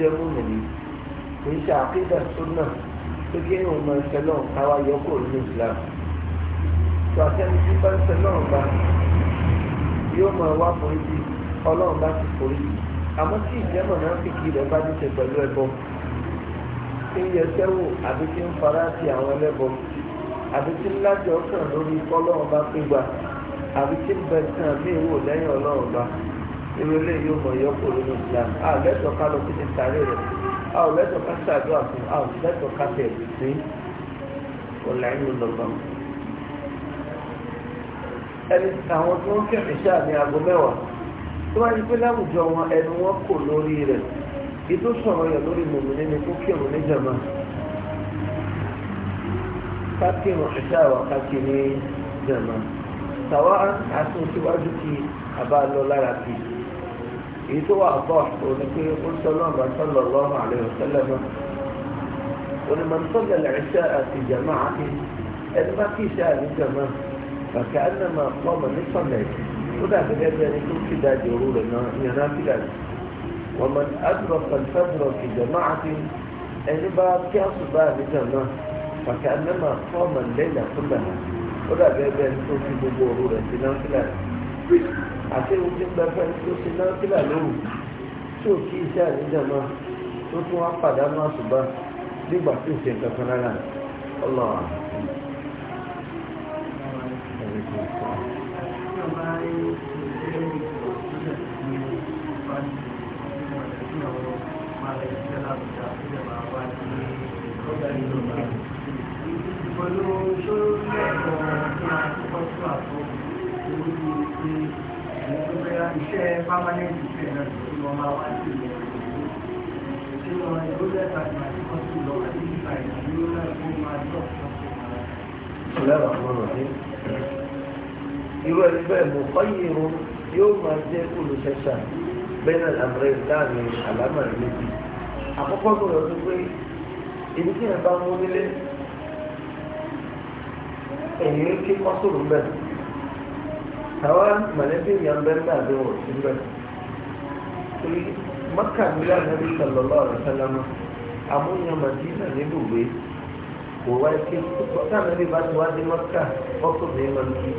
ànábì níbi kì í ṣe àkídà súnà pé kí ni òun máa náà káwá yọkọ̀ nínú Islam tó àtẹni tí bá ń ṣe náà bá yóò máa wá foríjì ọlọ́run bá ti foríjì àmọ́ tí ìjẹ́mọ̀ náà fi kí rẹ̀ bá ní ṣe pẹ̀lú ẹbọ tí ń yẹ sẹ́wò àbí tí ń fara ti àwọn ẹlẹ́bọ àbí tí ń lájọ kàn lórí kọ́lọ́run bá pé gbà àbí tí ń bẹ tán mí wò lẹ́yìn ọlọ́run bá irú yóò mọ̀ yọkọ̀ nínú Islam àgbẹ̀tọ̀ kálọ̀ kí ni sáré rẹ̀ sí a ò lẹ́tọ̀ọ́ ká ṣàdúrà fún a ò lẹ́tọ̀ọ́ ká tẹ̀ sí ọ̀làyìn lọ́gbọ̀n. ẹni àwọn tí wọ́n kẹ̀mí ṣáà ní aago mẹ́wàá tó wá ní pé láwùjọ wọn ẹnu wọn kò lórí rẹ̀ ètò sọ̀rọ̀ yẹn lórí mòmìnir ni kó kírun ní ká kírun ṣáà wà ká kí tàwa àtúnṣe wájú kí a bá lọ lára bíi. يتوقع الضحف ونكي يقول صلى الله عليه وسلم ولمن صلى العشاء في جماعة إذا ما في سائل كما فكأنما قام نصف ليس وده بجد أن يكون في ذات يرور أنه ينافي لك ومن أدرك الفجر في جماعة إذا ما في أصدار كما فكأنما قام الليلة كلها ولا بجد أن يكون في ذات يرور أنه ينافي لك àti ohun tí ń bẹ fẹ́ tó ṣe náà kílà lóhùn tí ò kí iṣẹ́ àníjàmá tó tún wá pàdánù àṣùbá nígbà tí ò ṣe nǹkan kan rárá ọlọ́run irú ẹni bẹ́ẹ̀ mú ọ́yìnrú yóò máa jẹ́ olùṣẹ́ṣà bẹ́ẹ̀ náà àmúrẹ́ láàrin àlámà méjì àkọ́kọ́ tó yọ pé ibi tí yẹn bá mú nílé ẹ̀yìn kí kọ́sùrù bẹ́ẹ̀ àwọn mọ̀lẹ́bí yẹn bẹ́ẹ̀ náà bí wọ́n bẹ́ẹ̀ torí mọ́kà nílẹ̀ àná sọ̀lọ́lọ́ ọ̀rọ̀ sẹ́lẹ̀mọ́ àmúyàn màdínà níbùgbé kò wá sí táwọn ẹbí bá ti wá dé mọ́tà ọkùnrin máa ń kí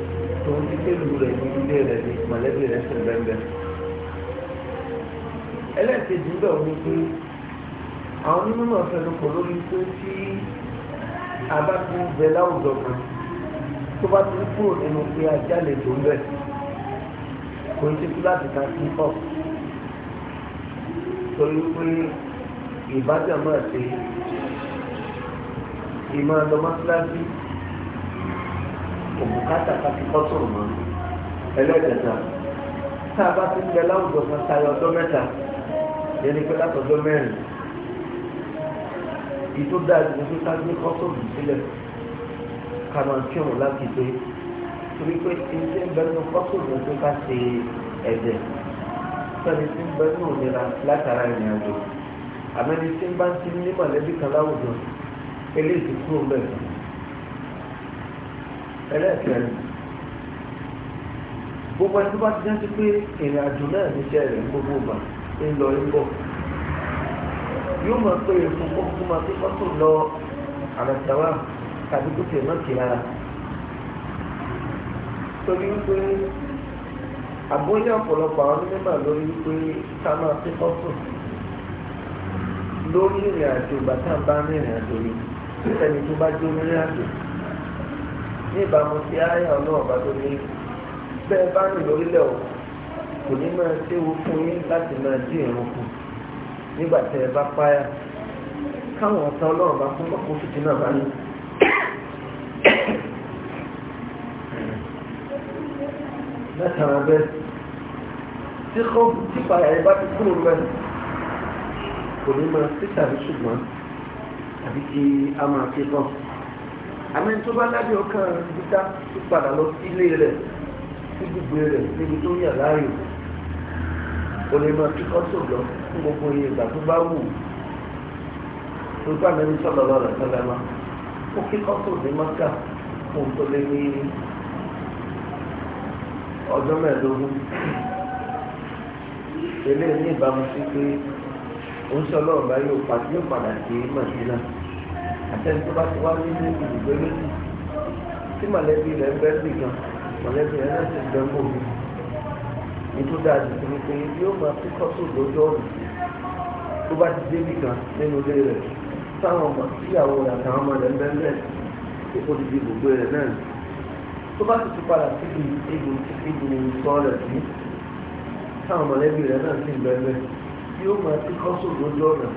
tòun ti kélu rẹ̀ ní ilé rẹ̀ ní mọ̀lẹ́bí rẹ̀ sì bẹ́ẹ̀ ẹlẹ́ẹ̀kejì bẹ́ẹ̀ wọ́n pé àwọn onímọ̀ fẹnukò lórí pé tí a bá ti ń bẹ láwùjọ kan tó bá ti ń kúrò nínú pé ajá lè tó ń bẹ̀ kò ń tẹ́tí láti ká sí pọ̀ torí pé ìbájọ́ náà ṣe ìmọ̀ ọ̀dọ́ mọ́síláṣí òbúkátà káfí kọ́sùn mọ́ ẹlẹ́dẹ̀ta tá a bá ti ń bẹ láwùjọ kan tayọ ọjọ́ mẹ́ta yẹni pé látọjọ́ mẹ́rin ìtò dáa ju pé ká gbé kọ́sùn sílẹ̀ ká máa kí òun láti pé torí pé iṣẹ́ ń bẹ nínú kọ́sùn ní pé ká ṣe ẹ̀jẹ̀ sọ́ni tí ń bẹ nínú òmìnira látara ìrìn àjò àmẹ́ni tí ń bá ti ní eléyìí kúrò bẹ́ẹ̀ ẹlẹ́ẹ̀kẹrin gbogbo ẹni tó bá ti jẹ́ sí pé ìrìn àjò náà níṣẹ́ gbogbo ìgbà ń lọ ń bọ̀ yóò máa pé epo kó kó máa pé mọ́tò lọ àmọ̀tàwà tàbí kó tiẹ̀ náà kì rárá ma wípé àgbóyè ọ̀pọ̀lọpọ̀ àwọn ẹni tó bá jó ní àjò ní ìbámu sí àyà ọlọ́run bá tó ní bẹ́ẹ̀ bá rìn lórílẹ̀ o kò ní máa séwu fún yín láti máa dín ìrun kù nígbà tẹ́ ẹ bá páyà káwọn ọ̀tá ọlọ́run bá fún ọkọ̀ tuntun náà bá ní. látara bẹ́ẹ̀ tí kọ́ tí pààyà yẹn bá ti kúrò bẹ́ẹ̀ kò ní máa sí tàbí ṣùgbọ́n àbí kí a máa ṣe tán àmì tó bá lábẹ́ ọkàn dídá tó padà lọ sí ilé rẹ̀ sí gbogbo rẹ̀ níbi tó yà láàyò kò lè máa kíkọ́ tó lọ fún gbogbo iye ìgbà tó bá wù tó bá lẹ́nu sọ̀rọ̀ lọ́rọ̀ sọ́lá máa ó kíkọ́ tó ní mọ́kà fún tó lé ní ọjọ́ mẹ́ẹ̀ẹ́dógún eléyìí ní ìbámu sí pé oṣù ọlọ́run bá yóò pa yóò padà sí màdínà àtẹni tó bá ti wá nínú ibùgbé méjì tí mọ̀lẹ́bí rẹ̀ ń bẹ́ sí gan mọ̀lẹ́bí rẹ̀ náà ti bẹ́ mọ́ mi ní tó dáa jù ní pé yóò máa fi kọ́tò lójú ọ̀rùn tó bá ti débì kan nínú ilé rẹ̀ táwọn ọmọ tíyàwó rẹ̀ àtàwọn ọmọ rẹ̀ ń bẹ́ mẹ́ ipò ti di ibùgbé rẹ̀ náà tó bá ti ti padà sí ibi ibùsọ̀ rẹ̀ sí táwọn mọ̀lẹ́bí rẹ̀ náà ti bẹ́ mẹ́ tí ó mọ̀ sí kọ́sù lójú ọ̀nà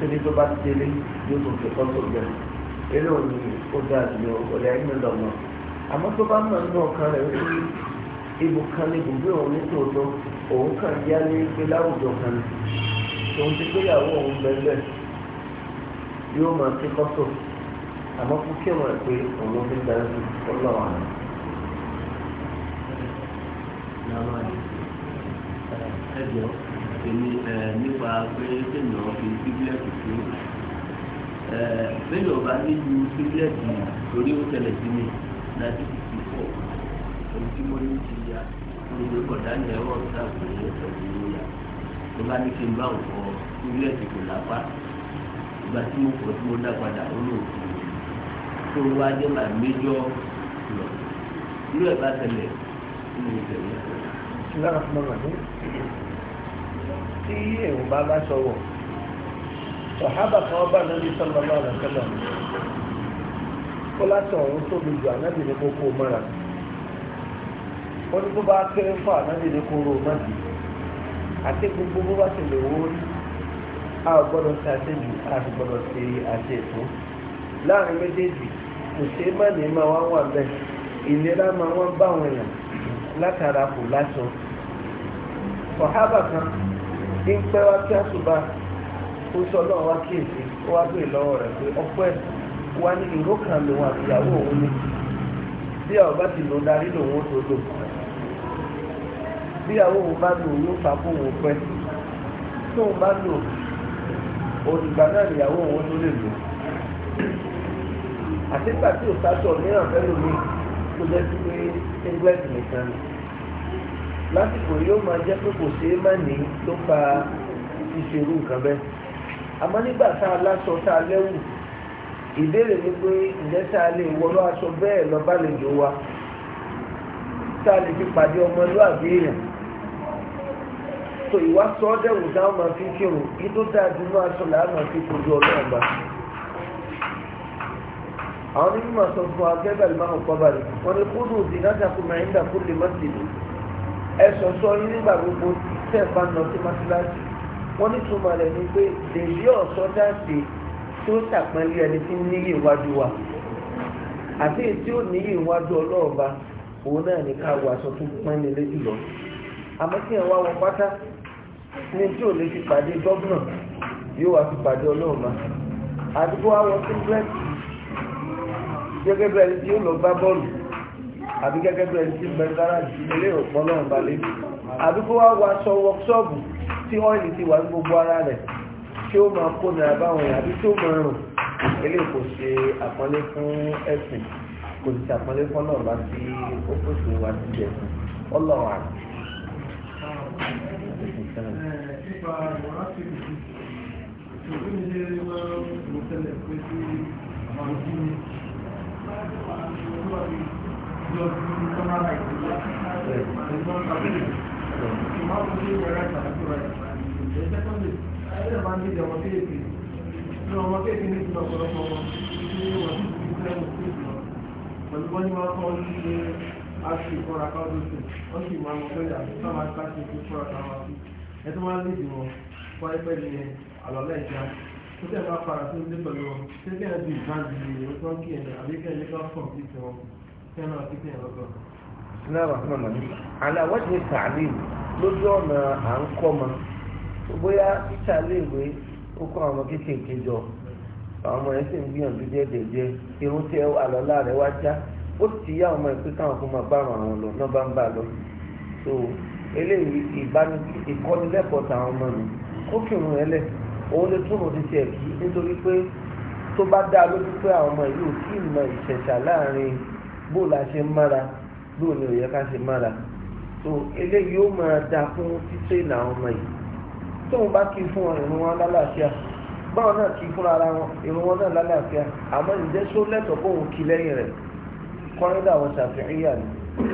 síbi tó bá ti délé yóò tó fi kọ́sù jẹ eré òní ó dáa jù lọ ọ̀lẹ́ ayélujára lọ́mọ àmọ́ tó bá mọ̀ nínú ọ̀kan rẹ̀ ó ní ibùkan ní ibùgbé òun ní tòótọ́ òun kàn yá ní pé láwùjọ kan ní tòun ti gbéyàwó òun bẹ́ẹ̀ yóò mọ̀ sí kọ́sù àmọ́ fún kí ọmọ rẹ̀ òun fi ń darí ọlọ́wọ́ Thank you èmi ẹ nípa pé kéèyàn fi síbílẹ̀tì sí ẹ bẹ́ẹ̀ ọba nílu síbílẹ̀tì lórí ó tẹ̀lẹ̀ sí mi láti fi pọ̀ ohun tí mo ní ti ya gbogbo ọ̀dà ni ẹ̀rọ ọ̀dà kò ní ẹ̀sẹ̀ tó ló ya tó bá ní kí n bá òkò síbílẹ̀tì kò lápá ìgbà tí mo kọ̀ tí mo dá padà ó lò ó tó wá dé màá méjọ́ lọ irú ẹ̀ bá tẹ̀lẹ̀ nínú ìtẹ̀lẹ̀ tí èèwọ̀ bá bá ṣọwọ́ sọ̀hábà kan bá nàbí sọ́lọ́ náà lọ́sọ́lọ́ kó láti ọ̀run tóbi jù ànábì ní kókó mọ́ra ó ní tó bá kéré fún ànábì ní kóró mọ́tì àti gbogbo bó bá ṣe lè wó rí a ò gbọ́dọ̀ ṣe àṣejù a sì gbọ́dọ̀ ṣe àṣe ètò láàrin méjèèjì kò ṣe má ní máa wá wà bẹ́ẹ̀ ìlera máa wọ́n bá àwọn èèyàn látara kò láṣọ sọ̀hábà kan. ní pẹ́ wá kí àtúbà ó sọ ọlọ́run wá kíyèsí ó wá gbé lọ́wọ́ rẹ̀ pé ọpẹ́ ní ni bí àwọn bá ti lò darí lòun ó tó bí àwọn òun bá lò fà òun pẹ́ bá lò òdìgbà náà ìyàwó òun tó lè lò mìíràn fẹ́ lásìkò yóò máa jẹ́ pé kò ṣeé má ní ló fa ìṣerú nǹkan bẹ́ẹ̀ àmọ́ nígbà tá a láṣọ tá a lẹ́wù ìbéèrè ni pé ǹjẹ́ tá a lè wọlé aṣọ bẹ́ẹ̀ lọ bá lè jò wa tá a lè fi pàdé ọmọlúwàbí èèyàn tó ìwà sọ ọ́ dẹ̀wù táwọn máa fi kírun yìí tó dáa jù ní aṣọ làá máa fi kojú ọlọ́run bá àwọn onímọ̀ sọ fún wa gẹ́gẹ́ bá lè máa kọ́ bá rẹ̀ wọ́n ní kúndùn ìdí náà dàkú ẹsọ sọ yín nígbà gbogbo tẹ ẹ bá nọ sí mọ́sálásí wọ́n ní túmọ̀ rẹ̀ ni pé dèjì ọ̀sọ́ dáàsì tó ṣàpẹ́lẹ́ ẹni tí ń níyì iwájú wa àti tí ó níyì iwájú ọlọ́ọ̀ba òun náà ní ká wọ aṣọ tó pọ́n ní lé jùlọ àmọ́ kí ẹ wá wọ pátá ní tí ò lè fi pàdé gọ́vnà yóò wá fi pàdé ọlọ́ọ̀ba àdúgbò àwọn sílẹ̀ gẹ́gẹ́ bẹ́ẹ̀ tí ó lọ gbá bọ́ọ̀lù àbí gẹ́gẹ́ bí ẹni tí ń bẹ gáràjì ilé ọ̀pọ̀lọ́run balẹ̀ àbí kó wá wá aṣọ wọ́kṣọ́ọ̀bù tí ọ́ìlì ti wà ní gbogbo ara rẹ̀ tí ó máa kó nira báwọn èèyàn àbí tí ó máa rùn ilé kò ṣe àpọ́nlé fún ẹ̀sìn kò sì ṣàpọ́nlé fún náà bá ti ó pèsè wa ti jẹ ẹ̀sìn ọlọ́run àná. nípa Pẹ̀lú wọ́n ní wọ́n kọ́ ní ṣe aṣọ ìfọ́ra kan lóṣù, wọ́n sì máa mọ̀ pẹ́lú àti sáwọn akáṣe ìfọ́ra kan wá sinara fún ọmọ yìí aláwọ̀dì tààlìm lójú ọ̀nà à ń kọ́ ọmọ bóyá títà léèwé ó kọ́ àwọn kéékèèké jọ àwọn ọmọ yẹn sì ń gbìyànjú díẹ̀ díẹ̀ díẹ̀ irun tí àlọ́lá rẹ̀ wá já ó ti yá ọmọ ìpín káwọn fún máa bá àwọn lọ náà bá bó la ṣe mára bó ni ò yẹ ká ṣe mára tó eléyìí ó máa da fún títí ìlànà ọmọ yìí tóun bá kí fún ọ ìrún wọn lálàáfíà báwọn náà kí fúnra ara wọn ìrún wọn náà lálàáfíà àmọ́ ǹjẹ́ só lẹ́tọ̀ọ́ kó òun kí lẹ́yìn rẹ̀ kọ́ńdà wọn ṣàfihàn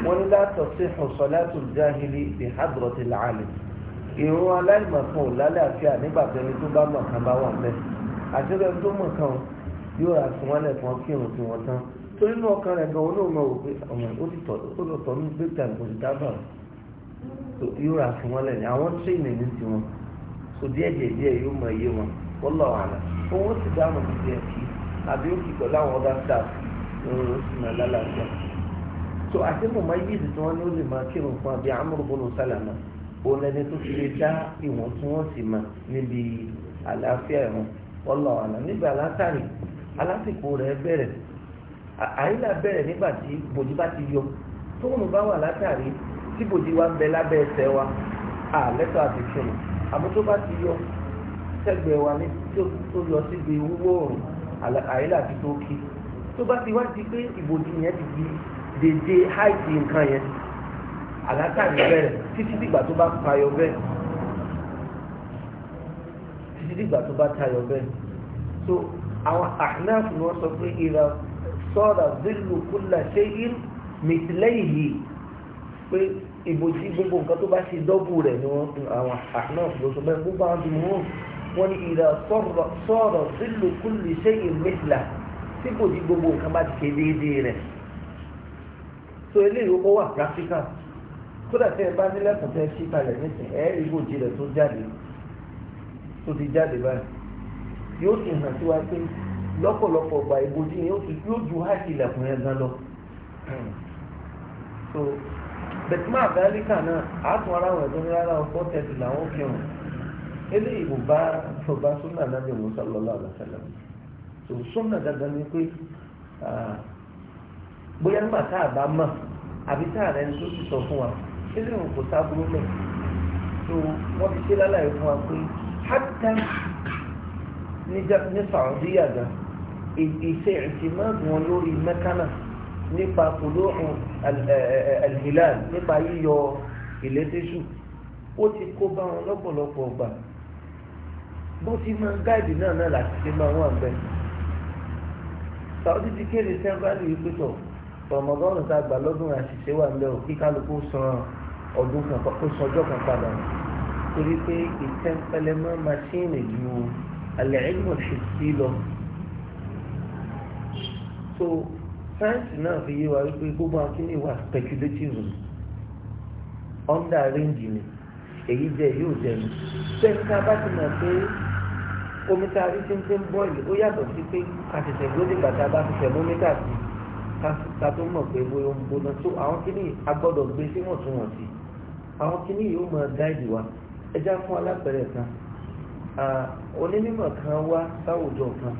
wọn ní látọ̀ sí ṣọ̀látul jáhìlì bi hadratil alim ìrún aláìmọ̀kan ò lálàáfíà nígbà tẹni tó bá mọ̀ kan bá wà mẹ́ àti torí náà ọkàn rẹ̀ gan olóò mọ̀ wípé ọmọ olùtọ̀ ní break time kò sì dábàá yóò rà fún wọn lẹ́yìn àwọn tírénì ní tiwọn so díẹ̀ díẹ̀ díẹ̀ yóò mọ iye wọn wọ́n lọ àná owó sì dáhùn sí díẹ̀ kí àbí ó kì pẹ̀lú àwọn ọ̀dà staff lórí oṣù náà lálàáfíà so àti mọ̀mọ́ yíìsì tí wọ́n ní ó lè máa kírun fún abẹ́ sálàmà àyílà bẹ̀rẹ̀ nígbà tí bòjì bá ti yọ tóun bá wà látàrí tí bòjì wa ń bẹ lábẹ́ ẹsẹ̀ wa àlẹ́tọ̀ àti kírun àmọ́ tó bá ti yọ sẹ́gbẹ̀ẹ́ wa ní tó lọ síbi wúwo òrùn àyílà ti tó kí tó bá ti wá di pé ìbòjì yẹn ti di dédé háìtì nǹkan yẹn àlátàrí bẹ̀rẹ̀ títí dìgbà tó bá tayọ bẹ́ẹ̀ títí dìgbà tó bá tayọ bẹ́ẹ̀ so àwọn àhínáàfù ni wọ́n sọ pé ìra sọ́ọ̀dà ظل كل شيء in mìtìlẹ́yìí pé ìbòjì gbogbo nǹkan tó bá ṣe dọ́bù rẹ̀ ni wọ́n fún àwọn àhnáà ló sọ bẹ́ẹ̀ gbogbo àwọn jùmọ̀ wọn ni ìdá sọ́ọ̀dà zílù kúlì ṣe in mìtìlà tí ìbòjì gbogbo nǹkan bá ti ṣe déédéé rẹ̀ so eléyìí ó wà practical kódà tẹ ẹ bá nílẹ̀ kàn tẹ ṣí kalẹ̀ nísìnyí ẹ ìbòjì rẹ̀ tó jáde tó ti jáde báyìí yóò sì hàn síwájú lọ́pọ̀lọpọ̀ gba ìbojú yẹn ó ti yóò ju hajj ilẹ̀kùn yẹn gan lọ. so bẹ̀tùmá àbẹ́ríkà náà àátún ara wọn ẹ̀dọ́ rárá ọkọ̀ tẹ̀sí làwọn kírun eléyìí kò bá kò bá súnà nàbẹ̀ musa lọ́lá àlàsàlẹ̀ so súnà dandan ni pé bóyá nígbà tá a bá mọ̀ àbí tá a rẹ̀ ní tó ti sọ fún wa eléyìí kò sá burú mẹ́ so wọ́n ti ṣe lálàyé fún wa pé hátà ní Saudi àgbà iṣẹ́ ìtìmọ́ọ̀dù wọn lórí mẹ́kánà nípa kòlóòrùn eh, eh, eh, alhilal nípa yíyọ ìlẹ́tẹ̀sù ó ti kó bá wọn lọ́pọ̀lọpọ̀ ọgbà bó ti máa ń gáàdì náà náà láti ṣe máa wà bẹ́ẹ̀. sàwọ́dí ti kéde sẹ́ńbálì yìí pé tọ̀ tọ̀mọ̀gọ́rùn tá a gbà lọ́dún àṣìṣe wà ńlẹ̀ ò kí kálukú san ọdún kan kó san ọjọ́ kan padà torí pé ìtẹ́ńpẹlẹmọ́ máṣíìnì ju alẹ́ ìmọ̀ ṣèṣì lọ so sáyẹ́ǹsì náà fi yé wa wípé gbogbo akíní wà speculative under range ni èyí jẹ yóò jẹ mi sẹ́ńtà bá ti mọ̀ pé omi tá a rí tí ń tẹ́ ń bọ́ọ̀lì ó yàtọ̀ sí pé àtẹ̀tẹ̀ gbódé bàtà bá ti tẹ̀ mọ́mítà sí ká tó mọ̀ pé bóyá ń gbóná tó àwọn kíní agbọ́dọ̀ gbé sí wọ̀ntúnwọ̀nsì àwọn kíní yóò mọ̀ gáìdì wa ẹja fún alápẹ̀rẹ̀ kan onímọ̀ kan wá sáwùjọ kan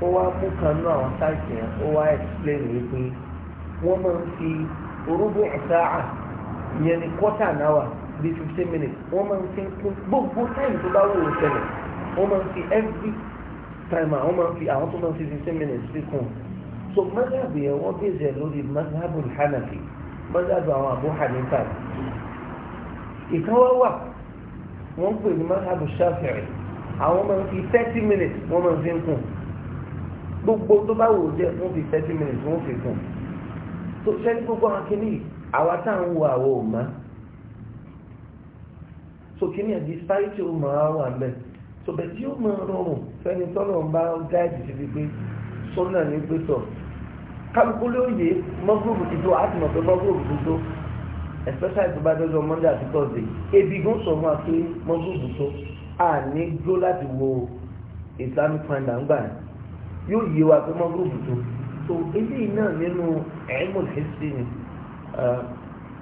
ó wá mú kan náà àwọn sáìtì yẹn ó wá explain wípé wọ́n máa ń fi orúbó ìsáà ìyẹn ní quarter an hour bíi fifteen minutes wọ́n máa ń fi kún gbogbo time tó bá wòó ṣẹlẹ̀ wọ́n máa ń fi every timer wọ́n máa ń fi àwọn tó máa ń fi fifteen minutes fi kún so mazhabi yẹn wọ́n bèèrè ẹ̀ lórí mazhabu hanafi mazhabu àwọn Abu Hanifa ìkan wá wà wọ́n pè ní mazhabu shafi'i àwọn máa ń fi thirty minutes wọ́n máa ń fi kún gbogbo tó bá wò jẹ́ wọ́n fi thirty minutes wọ́n fi kùn tó sẹ́ni gbogbo àwọn kìíní àwa tá à ń wo àwo ò má so kìíní ẹ̀ despite ó máa wà mẹ́ so bẹ̀ tí ó máa rọrùn fẹ́ni tọ́lọ̀ ń bá gáàdì síbi pé sọ́nà ní pé sọ kálukú lóye mọ́gòrò tuntun àti mọ̀tò mọ́gòrò tuntun especially tó bá dọ́jọ́ monday àti thursday ebi gan sọ fún wa pé mọ́gòrò tuntun à ní gbó láti wo islamic founder ń gbà yẹn yóò yé wa pé mọ́gòròbù tó so eléyìí náà nínú ẹ̀ẹ́mọ̀ lẹ́sìn ni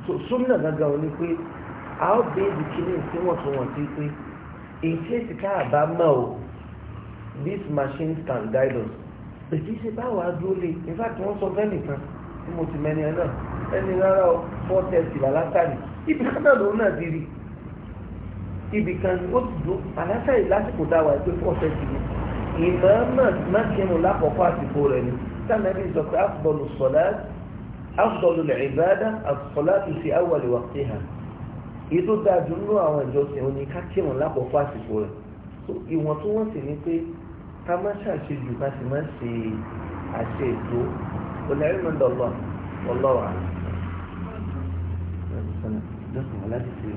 so súnmọ́ gangan ò ní pé a ó bẹ́ẹ̀ di kíní ìsíwọ̀ntúnwọ̀ntí pé in case ká àbá mọ̀ o these machines can guide us èyí ṣe báwo a dúró lé in fact wọ́n sọ fẹ́ẹ́ nìkan tí mo ti mẹ́ni ẹ náà ẹni rárá o four thirty làlátàrí ibi kan náà lòun náà ti rí ibi kan ó ti dúró àlátàrí lásìkò dáwà ẹ four thirty ìmọ̀ọ́mọ̀ mákìrún lákọ̀ọ́kọ́ àsìkò rẹ̀ ni sànàbí sọ pé afdọ́lù sọ̀lá afdọ́lù ìbádà àsọ̀lá ti fi awwali waqtiha ètò dájú nínú àwọn ìjọsìn òní kákìrún lákọ̀ọ́kọ́ àsìkò rẹ̀ ìwọ̀ntúnwọ̀nsì ni pé ká má ṣàṣejù ká sì má ṣe àṣe ètò olùdarí mi dọ̀lọ́ ọlọ́wà. Just my life is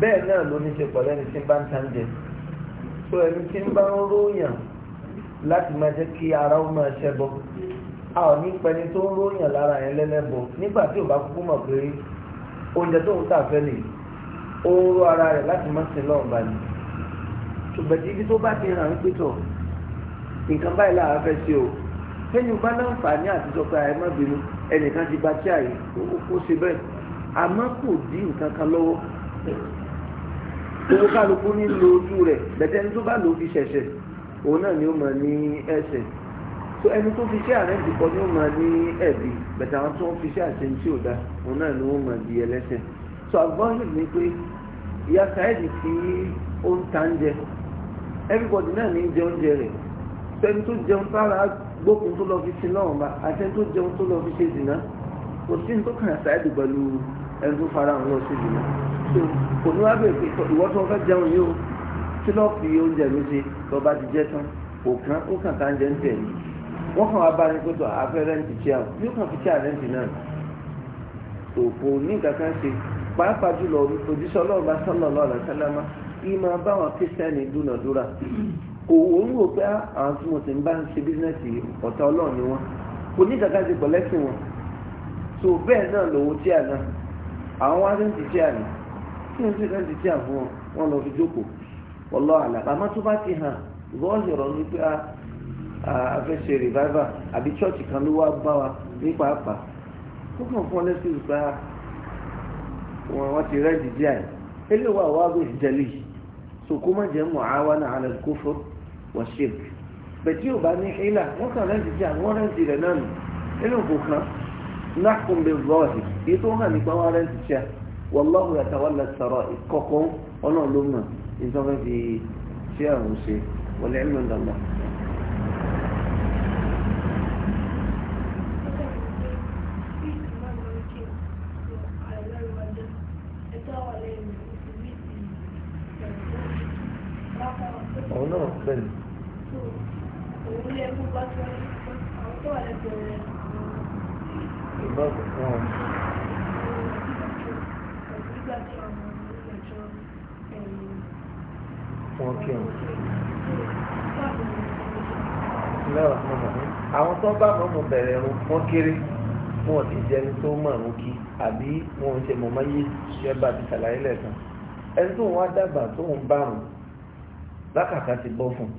bẹ́ẹ̀ náà ló ní ṣe pẹ̀lú ní tí ń bá ń so ẹni tí ń bá ń róyàn láti máa jẹ́ kí ara ó máa ṣẹbọ a ò ní pẹni tó ń róyàn lára yẹn lẹ́lẹ́bọ nígbà tí ò bá kúkú mọ̀ pé oúnjẹ tó ń tà lè, ó ń ara rẹ̀ láti má sin lọ́wọ́ balẹ̀ ṣùgbọ́n ibi tó bá ti hàn pé tọ̀ nǹkan báyìí láàá fẹ́ ṣe o bá láǹfààní àtijọ́ pé àyè má bínú ẹnìkan ti owó kálukú nílò ojú rẹ̀ bẹ̀tẹ̀ ẹni tó bá lò fi ṣẹ̀ṣẹ̀ òun náà ni ó mọ̀ ní ẹsẹ̀ so ẹni tó fi ṣe àrẹ́ǹtì kan ni ó mọ̀ ní ẹ̀bí bẹ̀tẹ̀ àwọn tó ń fi ṣe àṣẹ tí ò da òun náà ni ó mọ̀ di ẹlẹ́sẹ̀ so advantage ni pé ìyá sáyẹ́dì tí ó ń ta oúnjẹ everybody náà ní jẹ oúnjẹ rẹ̀ sẹ́ni tó jẹun tára gbókun tó lọ fi sin náà bá àti ẹni tó jẹun tó lọ fi ṣe dìná kò sí ní tó kàn ẹni tó fara hàn lọ sí ìdìbò so òní wá bèèrè pé ìwọ tó fẹ́ jẹun yìí o tí lọ́ọ́ fi oúnjẹ mi ṣe lọ́ọ́ bá ti jẹ́ tán òkan ó kàn ká ń jẹ ń tẹ̀ ní wọ́n kàn wá bá ní pẹ́tọ́ afẹ́ rẹ́ǹtì chair yóò kàn fi chair rẹ́ǹtì náà òpó ní kankan ṣe pàápàá jùlọ òjíṣẹ́ ọlọ́ọ̀bá sallallahu alaihi wasallam ìmọ̀ báwọn kírísítẹ́nì dúnàdúrà òwò ń wò pé ah, àwọn tí mo ti ń bá ń ṣe bísínẹ́sì ọ̀tá ọlọ́ọ̀ ni wọ́n kò ní kankan ṣe pẹ̀lẹ́sìn wọn so bẹ́ẹ̀ náà lòun chair náà àwọn wá sẹ́ńtì tí a ní kí n sì sẹ́ńtì tí a fún wọn lọ fi jókòó àmọ́ tó bá ti hàn bọ́ọ̀lù ọ̀rọ̀ ní pé a fẹ́ ṣe àbí kan ló wá bá wa ní pàápàá kàn fún ọ lẹ́sìn gba wọn ti eléwà wà yìí so má jẹ́ mọ̀ àwa náà àlẹ́ kó fọ́ wọ́n ṣe bẹ̀ tí ò bá ní wọ́n kàn kan nahkum bil-zahir èyí tó hàn nípa wọn rẹ̀ ń ṣiṣẹ́ wallahu yatawalla as-sara'ir ìkọ̀kọ̀ ọlọ́run ló mọ̀ ìjọba fi ṣé àwọn ṣe wal-'ilmu 'inda Allah wọ́n bá mọ̀mọ́ bẹ̀rẹ̀ rún wọ́n kéré wọn ti jẹni tó márùn kí àbí wọn ń ṣe mọ̀mọ́ yé ṣe bá ti ṣàlàyé lẹ́ẹ̀kan ẹni tó wọn á dàgbà tó ń bárùn lákàtà ti bọ́ fún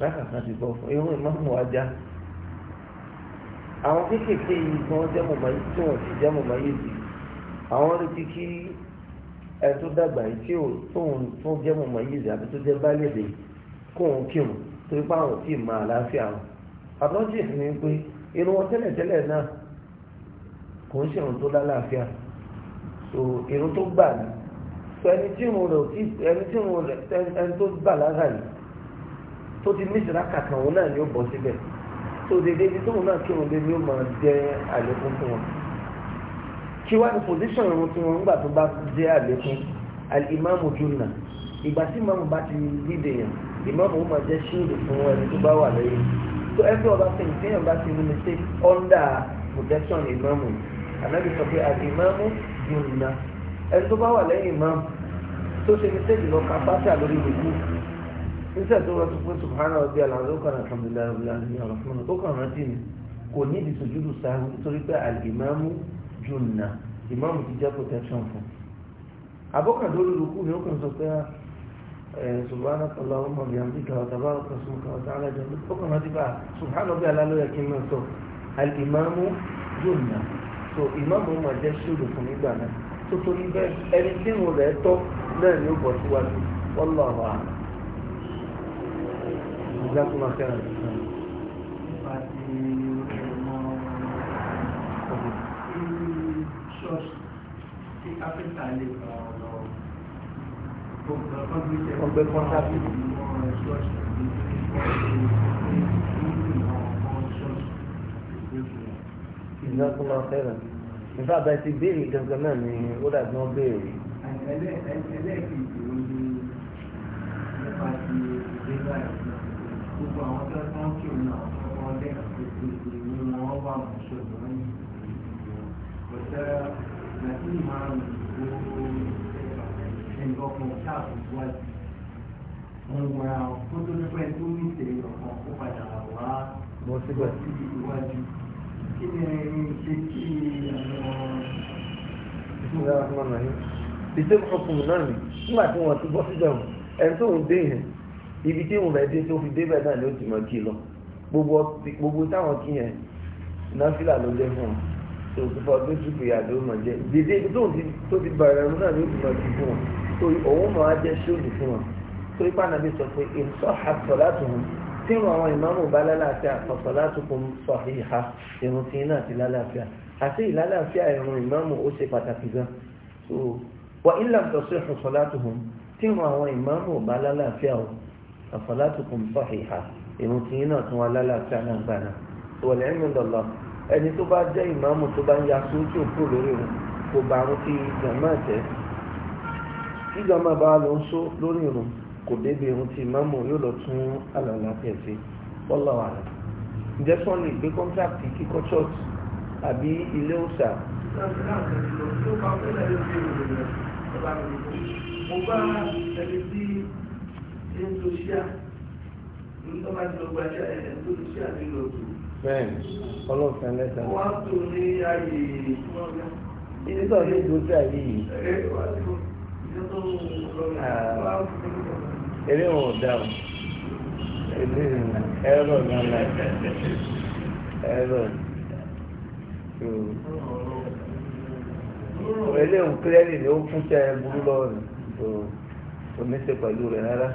lákàtà ti bọ́ fún irun ìmọ̀mọ́ ajá àwọn kéékèèké yìí tí wọ́n jẹ́ mọ̀mọ́ yé tí wọ́n ti jẹ́ mọ̀mọ́ yé sí àwọn retí kí ẹni tó dàgbà yìí tí ò tó jẹ́ mọ̀mọ́ yé sí àbí tó jẹ́ bá lè dé kóun kírun torí pé àwọn tí ma àlàáfíà wọn àtọ́jú ní pé irun wọn tẹ́lẹ̀tẹ́lẹ̀ náà kò ń ṣèrun tó lálàáfíà so irun tó gbà ní so ẹni tí irun rẹ̀ tí ẹni tí irun rẹ̀ ẹni tó gbà lára yìí tó ti níṣìlá kàkà òun náà ni ó bọ̀ síbẹ̀ so dédé ibi tóun náà kírun dé ni ó máa jẹ́ àlékún fún wọn kí wá ní pòsíṣàn irun tí wọn nígbà tó bá jẹ́ àlékún alìmáàmù jùnà ìgbà tí màmú bá ti lídè yẹn ìmọ̀mù ó máa jẹ́ ṣíìlì fún ẹni tó bá wà lẹ́yìn tó ẹgbẹ́ ọba sẹ́yìn téèyàn bá ti ní mistake under protection ìmọ̀mù ànábì sọ pé àti ìmọ̀mù yòòna ẹni tó bá wà lẹ́yìn ìmọ̀mù tó ṣe mistake lọ ka pátá lórí ìlú níṣẹ́ tó rọ tuntun subhana ọbí aláàzó kan alhamdulilayi aláàzó aláàzó tó kàn rántí ni kò ní ìdí sojúdù sáà nítorí pé àlìmọ́mù yòòna ìmọ̀mù ti jẹ́ protection fún abọ́kàndó lulukú ni ó kàn sọ pé ah, سبحانك اللهم بحمدك وتبارك اسمك وتعالى جلك فكما تبع سبحان ربي على لو يكن سو الامام جنة so imam ma jẹ́ ṣòro fún nígbà náà tó torí bẹ́ẹ̀ ẹni tí mo rẹ̀ tọ́ náà ni ó bọ̀ síwájú wọ́lọ́ àwọn àmì ìgbà tó máa fẹ́ràn ìgbà náà ọgbẹ́ kọ́ńtàkì. ìlọ́kùnlọ́ fẹ́ràn nípa àbá ti béèrè gangan náà ni ó dàbí wọ́n béèrè. ẹlẹ́ẹ̀kejì ló ní nípa ti ìgbéga ìgbà gbogbo àwọn tó tán kí òun náà wọ́n lẹ́ka tó ti di ní wọ́n wà mọ́ṣọ́ lọ́yìn. ọ̀sẹ̀ làtí ìmọ̀ àrùn ìrọ̀kọ̀ káàkiri wájú wọn wọra kó tó ní pẹ́ tó ní ìṣẹ̀lẹ̀ ìrọ̀kọ̀ kó padà wá bọ́ síbẹ̀ síbi ìwájú kí ni ṣe kí àwọn. ìṣúná ọmọ náà ní ìṣe ọkùnrin náà ní nígbà tí wọn ti bọ́ síbẹ̀ wọn ẹni tó ń dé yẹn ibi tí òun rẹ̀ dé tó fi débẹ̀ náà ló ti mọ̀ kí lọ gbogbo táwọn kí yẹn náfìlà ló jẹ́ fún wọn tó ti fọ́ tó ti fìyà ló mọ̀ jẹ́ dédé tó ti bàrẹ̀ ọ̀run náà ló ti mọ̀ kí fún wọn so òun máa jẹ́ ṣóòdù fún wọn tó ipá nàbí sọ pé ìsọ́ àsọ̀látùhùn tí wọn àwọn ìmáàmù bá lálàáfíà àsọ̀látùkùn sọ ìhà irun tí iná àti lálàáfíà àti ìlálàáfíà irun ìmáàmù ó ṣe pàtàkì gan so wà ilà tọ́sí àsọ̀látùhùn tí wọn àwọn ìmáàmù bá lálàáfíà o àsọ̀látùkùn sọ ìhà irun tí iná tún wà lálàáfíà náà gbà náà tí jàmáà bá lọ ń só lórí ìrun kò débi ìrun tí ìmáàmù yóò lọ tún àlàlà tẹ̀ sí bọ́lá wà rẹ̀ ǹjẹ́ sọ lè gbé kọ́ńtàkì kíkọ́ church àbí ilé òòṣà. mo bá ẹni tí ń lo ṣíà ní tó máa ń lo gbajà ẹ̀ ń lo ṣíà nínú òtún. bẹ́ẹ̀ni ọlọ́ọ̀fẹ́ lẹ́sà. wọ́n á tún ní ààyè ìtura. ìdíjọ́ ní ìdókè ààyè yìí eré wọn ò dáhùn eré ẹ̀rọ náà náà ẹ̀rọ eré òun kílẹ́lì ni ó fún tẹ burú lọ́rùn kò ní ṣe pẹ̀lú rẹ̀ rárá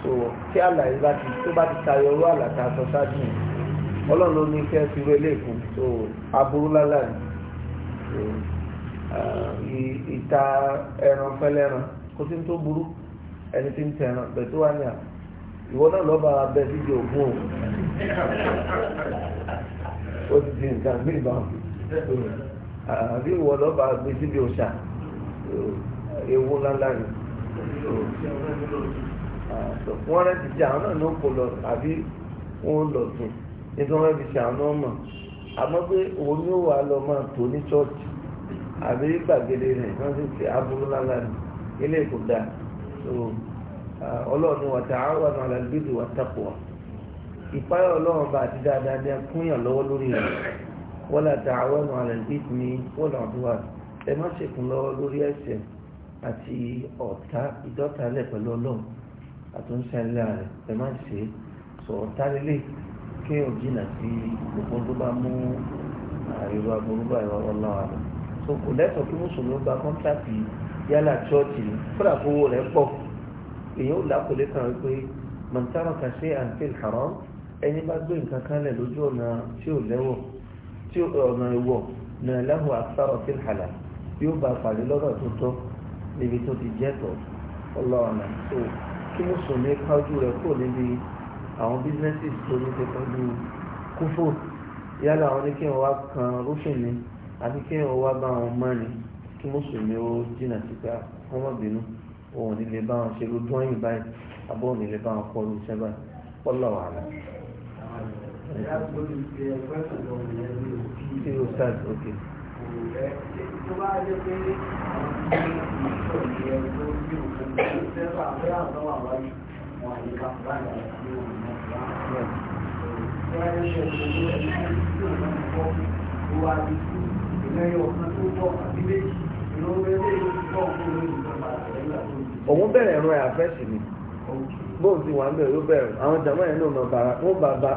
so tí àlàyé bá ti tó bá ti tayọ ọ̀rọ̀ àlàkà sọ ṣáájú yìí ọlọ́run ló ní kí ẹ fi rú eléèkú so aburú lálàá ni ìta ẹran fẹ́lẹ́ran kó tí ń tó burú ẹni tí ń tẹran bẹ̀ tó wà ní à ìwọ náà lọ́ba abẹ fídíò ògùn o ó ti di nǹkan mí ìbá àbí ìwọ lọ́ba abẹ fídíò ṣà ewu ńláńlá rẹ̀ wọ́n rẹ̀ ti jẹ́ àwọn náà ló kó lọ àbí wọ́n lọ sùn nítorí wọ́n fi ṣe àwọn náà àmọ́ pé òun yóò wà lọ máa tò ní ṣọ́ọ̀ṣì àbí gbàgede rẹ̀ wọ́n sì ti aburú lálá ní ilé kò dá so ọlọ́run wa ta'awanu 'ala al-birri wat-taqwa ìpáyà ọlọ́run bá àti dáadáa ní akúnyàn lọ́wọ́ lórí rẹ̀ wala ta'awanu 'ala al-ithmi wal-'udwan ẹ má ṣèkùn lọ́wọ́ lórí ẹ̀ṣẹ̀ àti ọ̀tá ìdọ́talẹ̀ pẹ̀lú ọlọ́run àtúnṣẹ́lẹ̀ rẹ̀ ẹ má ṣe sọ ọ̀tá lélẹ̀ kí o jìnnà sí gbogbo tó bá mú àríwá burúkú àríwá ọlọ́run so kò lẹ́tọ̀ọ́ kí mùsùlùmí gba kọ́ńtàkì yálà chọ́ọ̀tì kódà kówó rẹ̀ pọ̀ èyí ó làkòlé kan wípé mọ̀ntàrọ̀ kan ṣe àǹfẹ̀l haram ẹni bá gbé nǹkan kan lẹ̀ lójú ọ̀nà tí ò lẹ́wọ̀ tí ọ̀nà ìwọ̀ nà lẹ́hùn àṣàrọ̀ fil halal yóò bá pàdé lọ́dọ̀ tó tọ́ níbi tó ti jẹ́tọ̀ ọlọ́ọ̀nà so kí mùsùlùmí kájú rẹ̀ kò níbi àwọn bísínẹ́sì tó ní ti pẹ̀lú kúfò yálà àwọn oníkẹ́wọ̀n wá kan rúfin ni àti kí wọn wá bá wọn mọ́ ni kí mùsùlùmí ó jìnnà síta kọ́ mọ́ bínú òun nílé bá wọn ṣe lójú ọyìn báyìí àbọ̀ òun nílé bá wọn kọ́ lu iṣẹ́ báyìí pọ́lọ̀ wà lá. ṣé o ṣáà ok. tó bá jẹ́ pé àwọn ìṣòro yẹn tó bí òkú sẹ́fà bẹ́ẹ̀ àwọn àwọn àwárí wọn àyíká báyìí àti òun náà. wọ́n á ṣe ìṣòro yẹn tó bí òkú sẹ́fà bẹ́ẹ̀ àwọn àwárí wọn àyíká báyìí àti òun náà òun bẹ̀rẹ̀ ẹ̀rọ àfẹ́sì ni bóun ti wà ń bẹ̀rẹ̀ yóò bẹ̀rẹ̀ àwọn jàmọ́ yẹn náà bàrà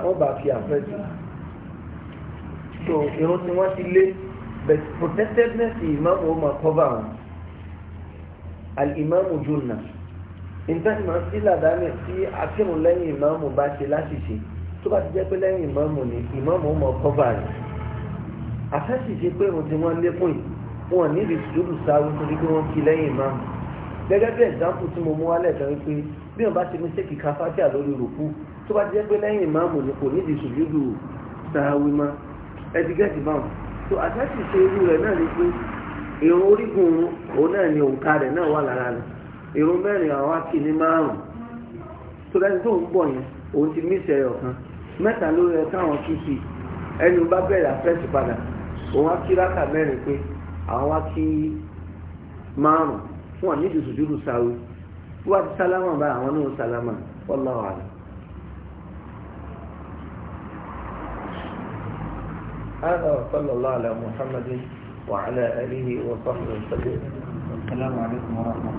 wọ́n bá fi àfẹ́sì so irun tí wọ́n ti lé but protectedness ìmáàmù ó máa cover wọn al-imamu junna nǹkan ìmọ̀ sí làdáni tí akínú lẹ́yìn ìmáàmù bá ṣe láṣìṣe tó bá ti jẹ́ pé lẹ́yìn ìmáàmù ni ìmáàmù ó máa cover rẹ̀ àfẹ́sì ṣe pé òun ti wọ́n lékún yìí wọn níbi sùúrù sáré torí pé wọ́n kí lẹ́yìn máa gẹ́gẹ́ bí ẹ̀dáǹpù tí mo mú wálẹ̀ kan wípé bí wọ́n bá ti mú sékì ká fátíà lórí rùkú tó bá jẹ́ pé lẹ́yìn ìmáàmù ni kò níbi sùúrù sáré máa ẹ̀dí gẹ́ẹ̀dì máa tó àfẹ́sì ṣe irú rẹ̀ náà ni pé èrò orígun òun náà ni òǹkà rẹ̀ náà wà lára rẹ̀ èrò mẹ́rin àwọn akì ní márùn-ún tó dájú tó ń bọ̀ yẹn òun ẹnu bá bẹ̀rẹ̀ àfẹ́sì padà òun á kí rákà mẹ́rin pé àwọn á kí márùn fún àní ìdùsùjúdù sáré tó bá ti sálámà bá àwọn náà sálámà wallahu a'lam. هذا صلى الله على محمد وعلى آله وصحبه وسلم السلام عليكم ورحمة الله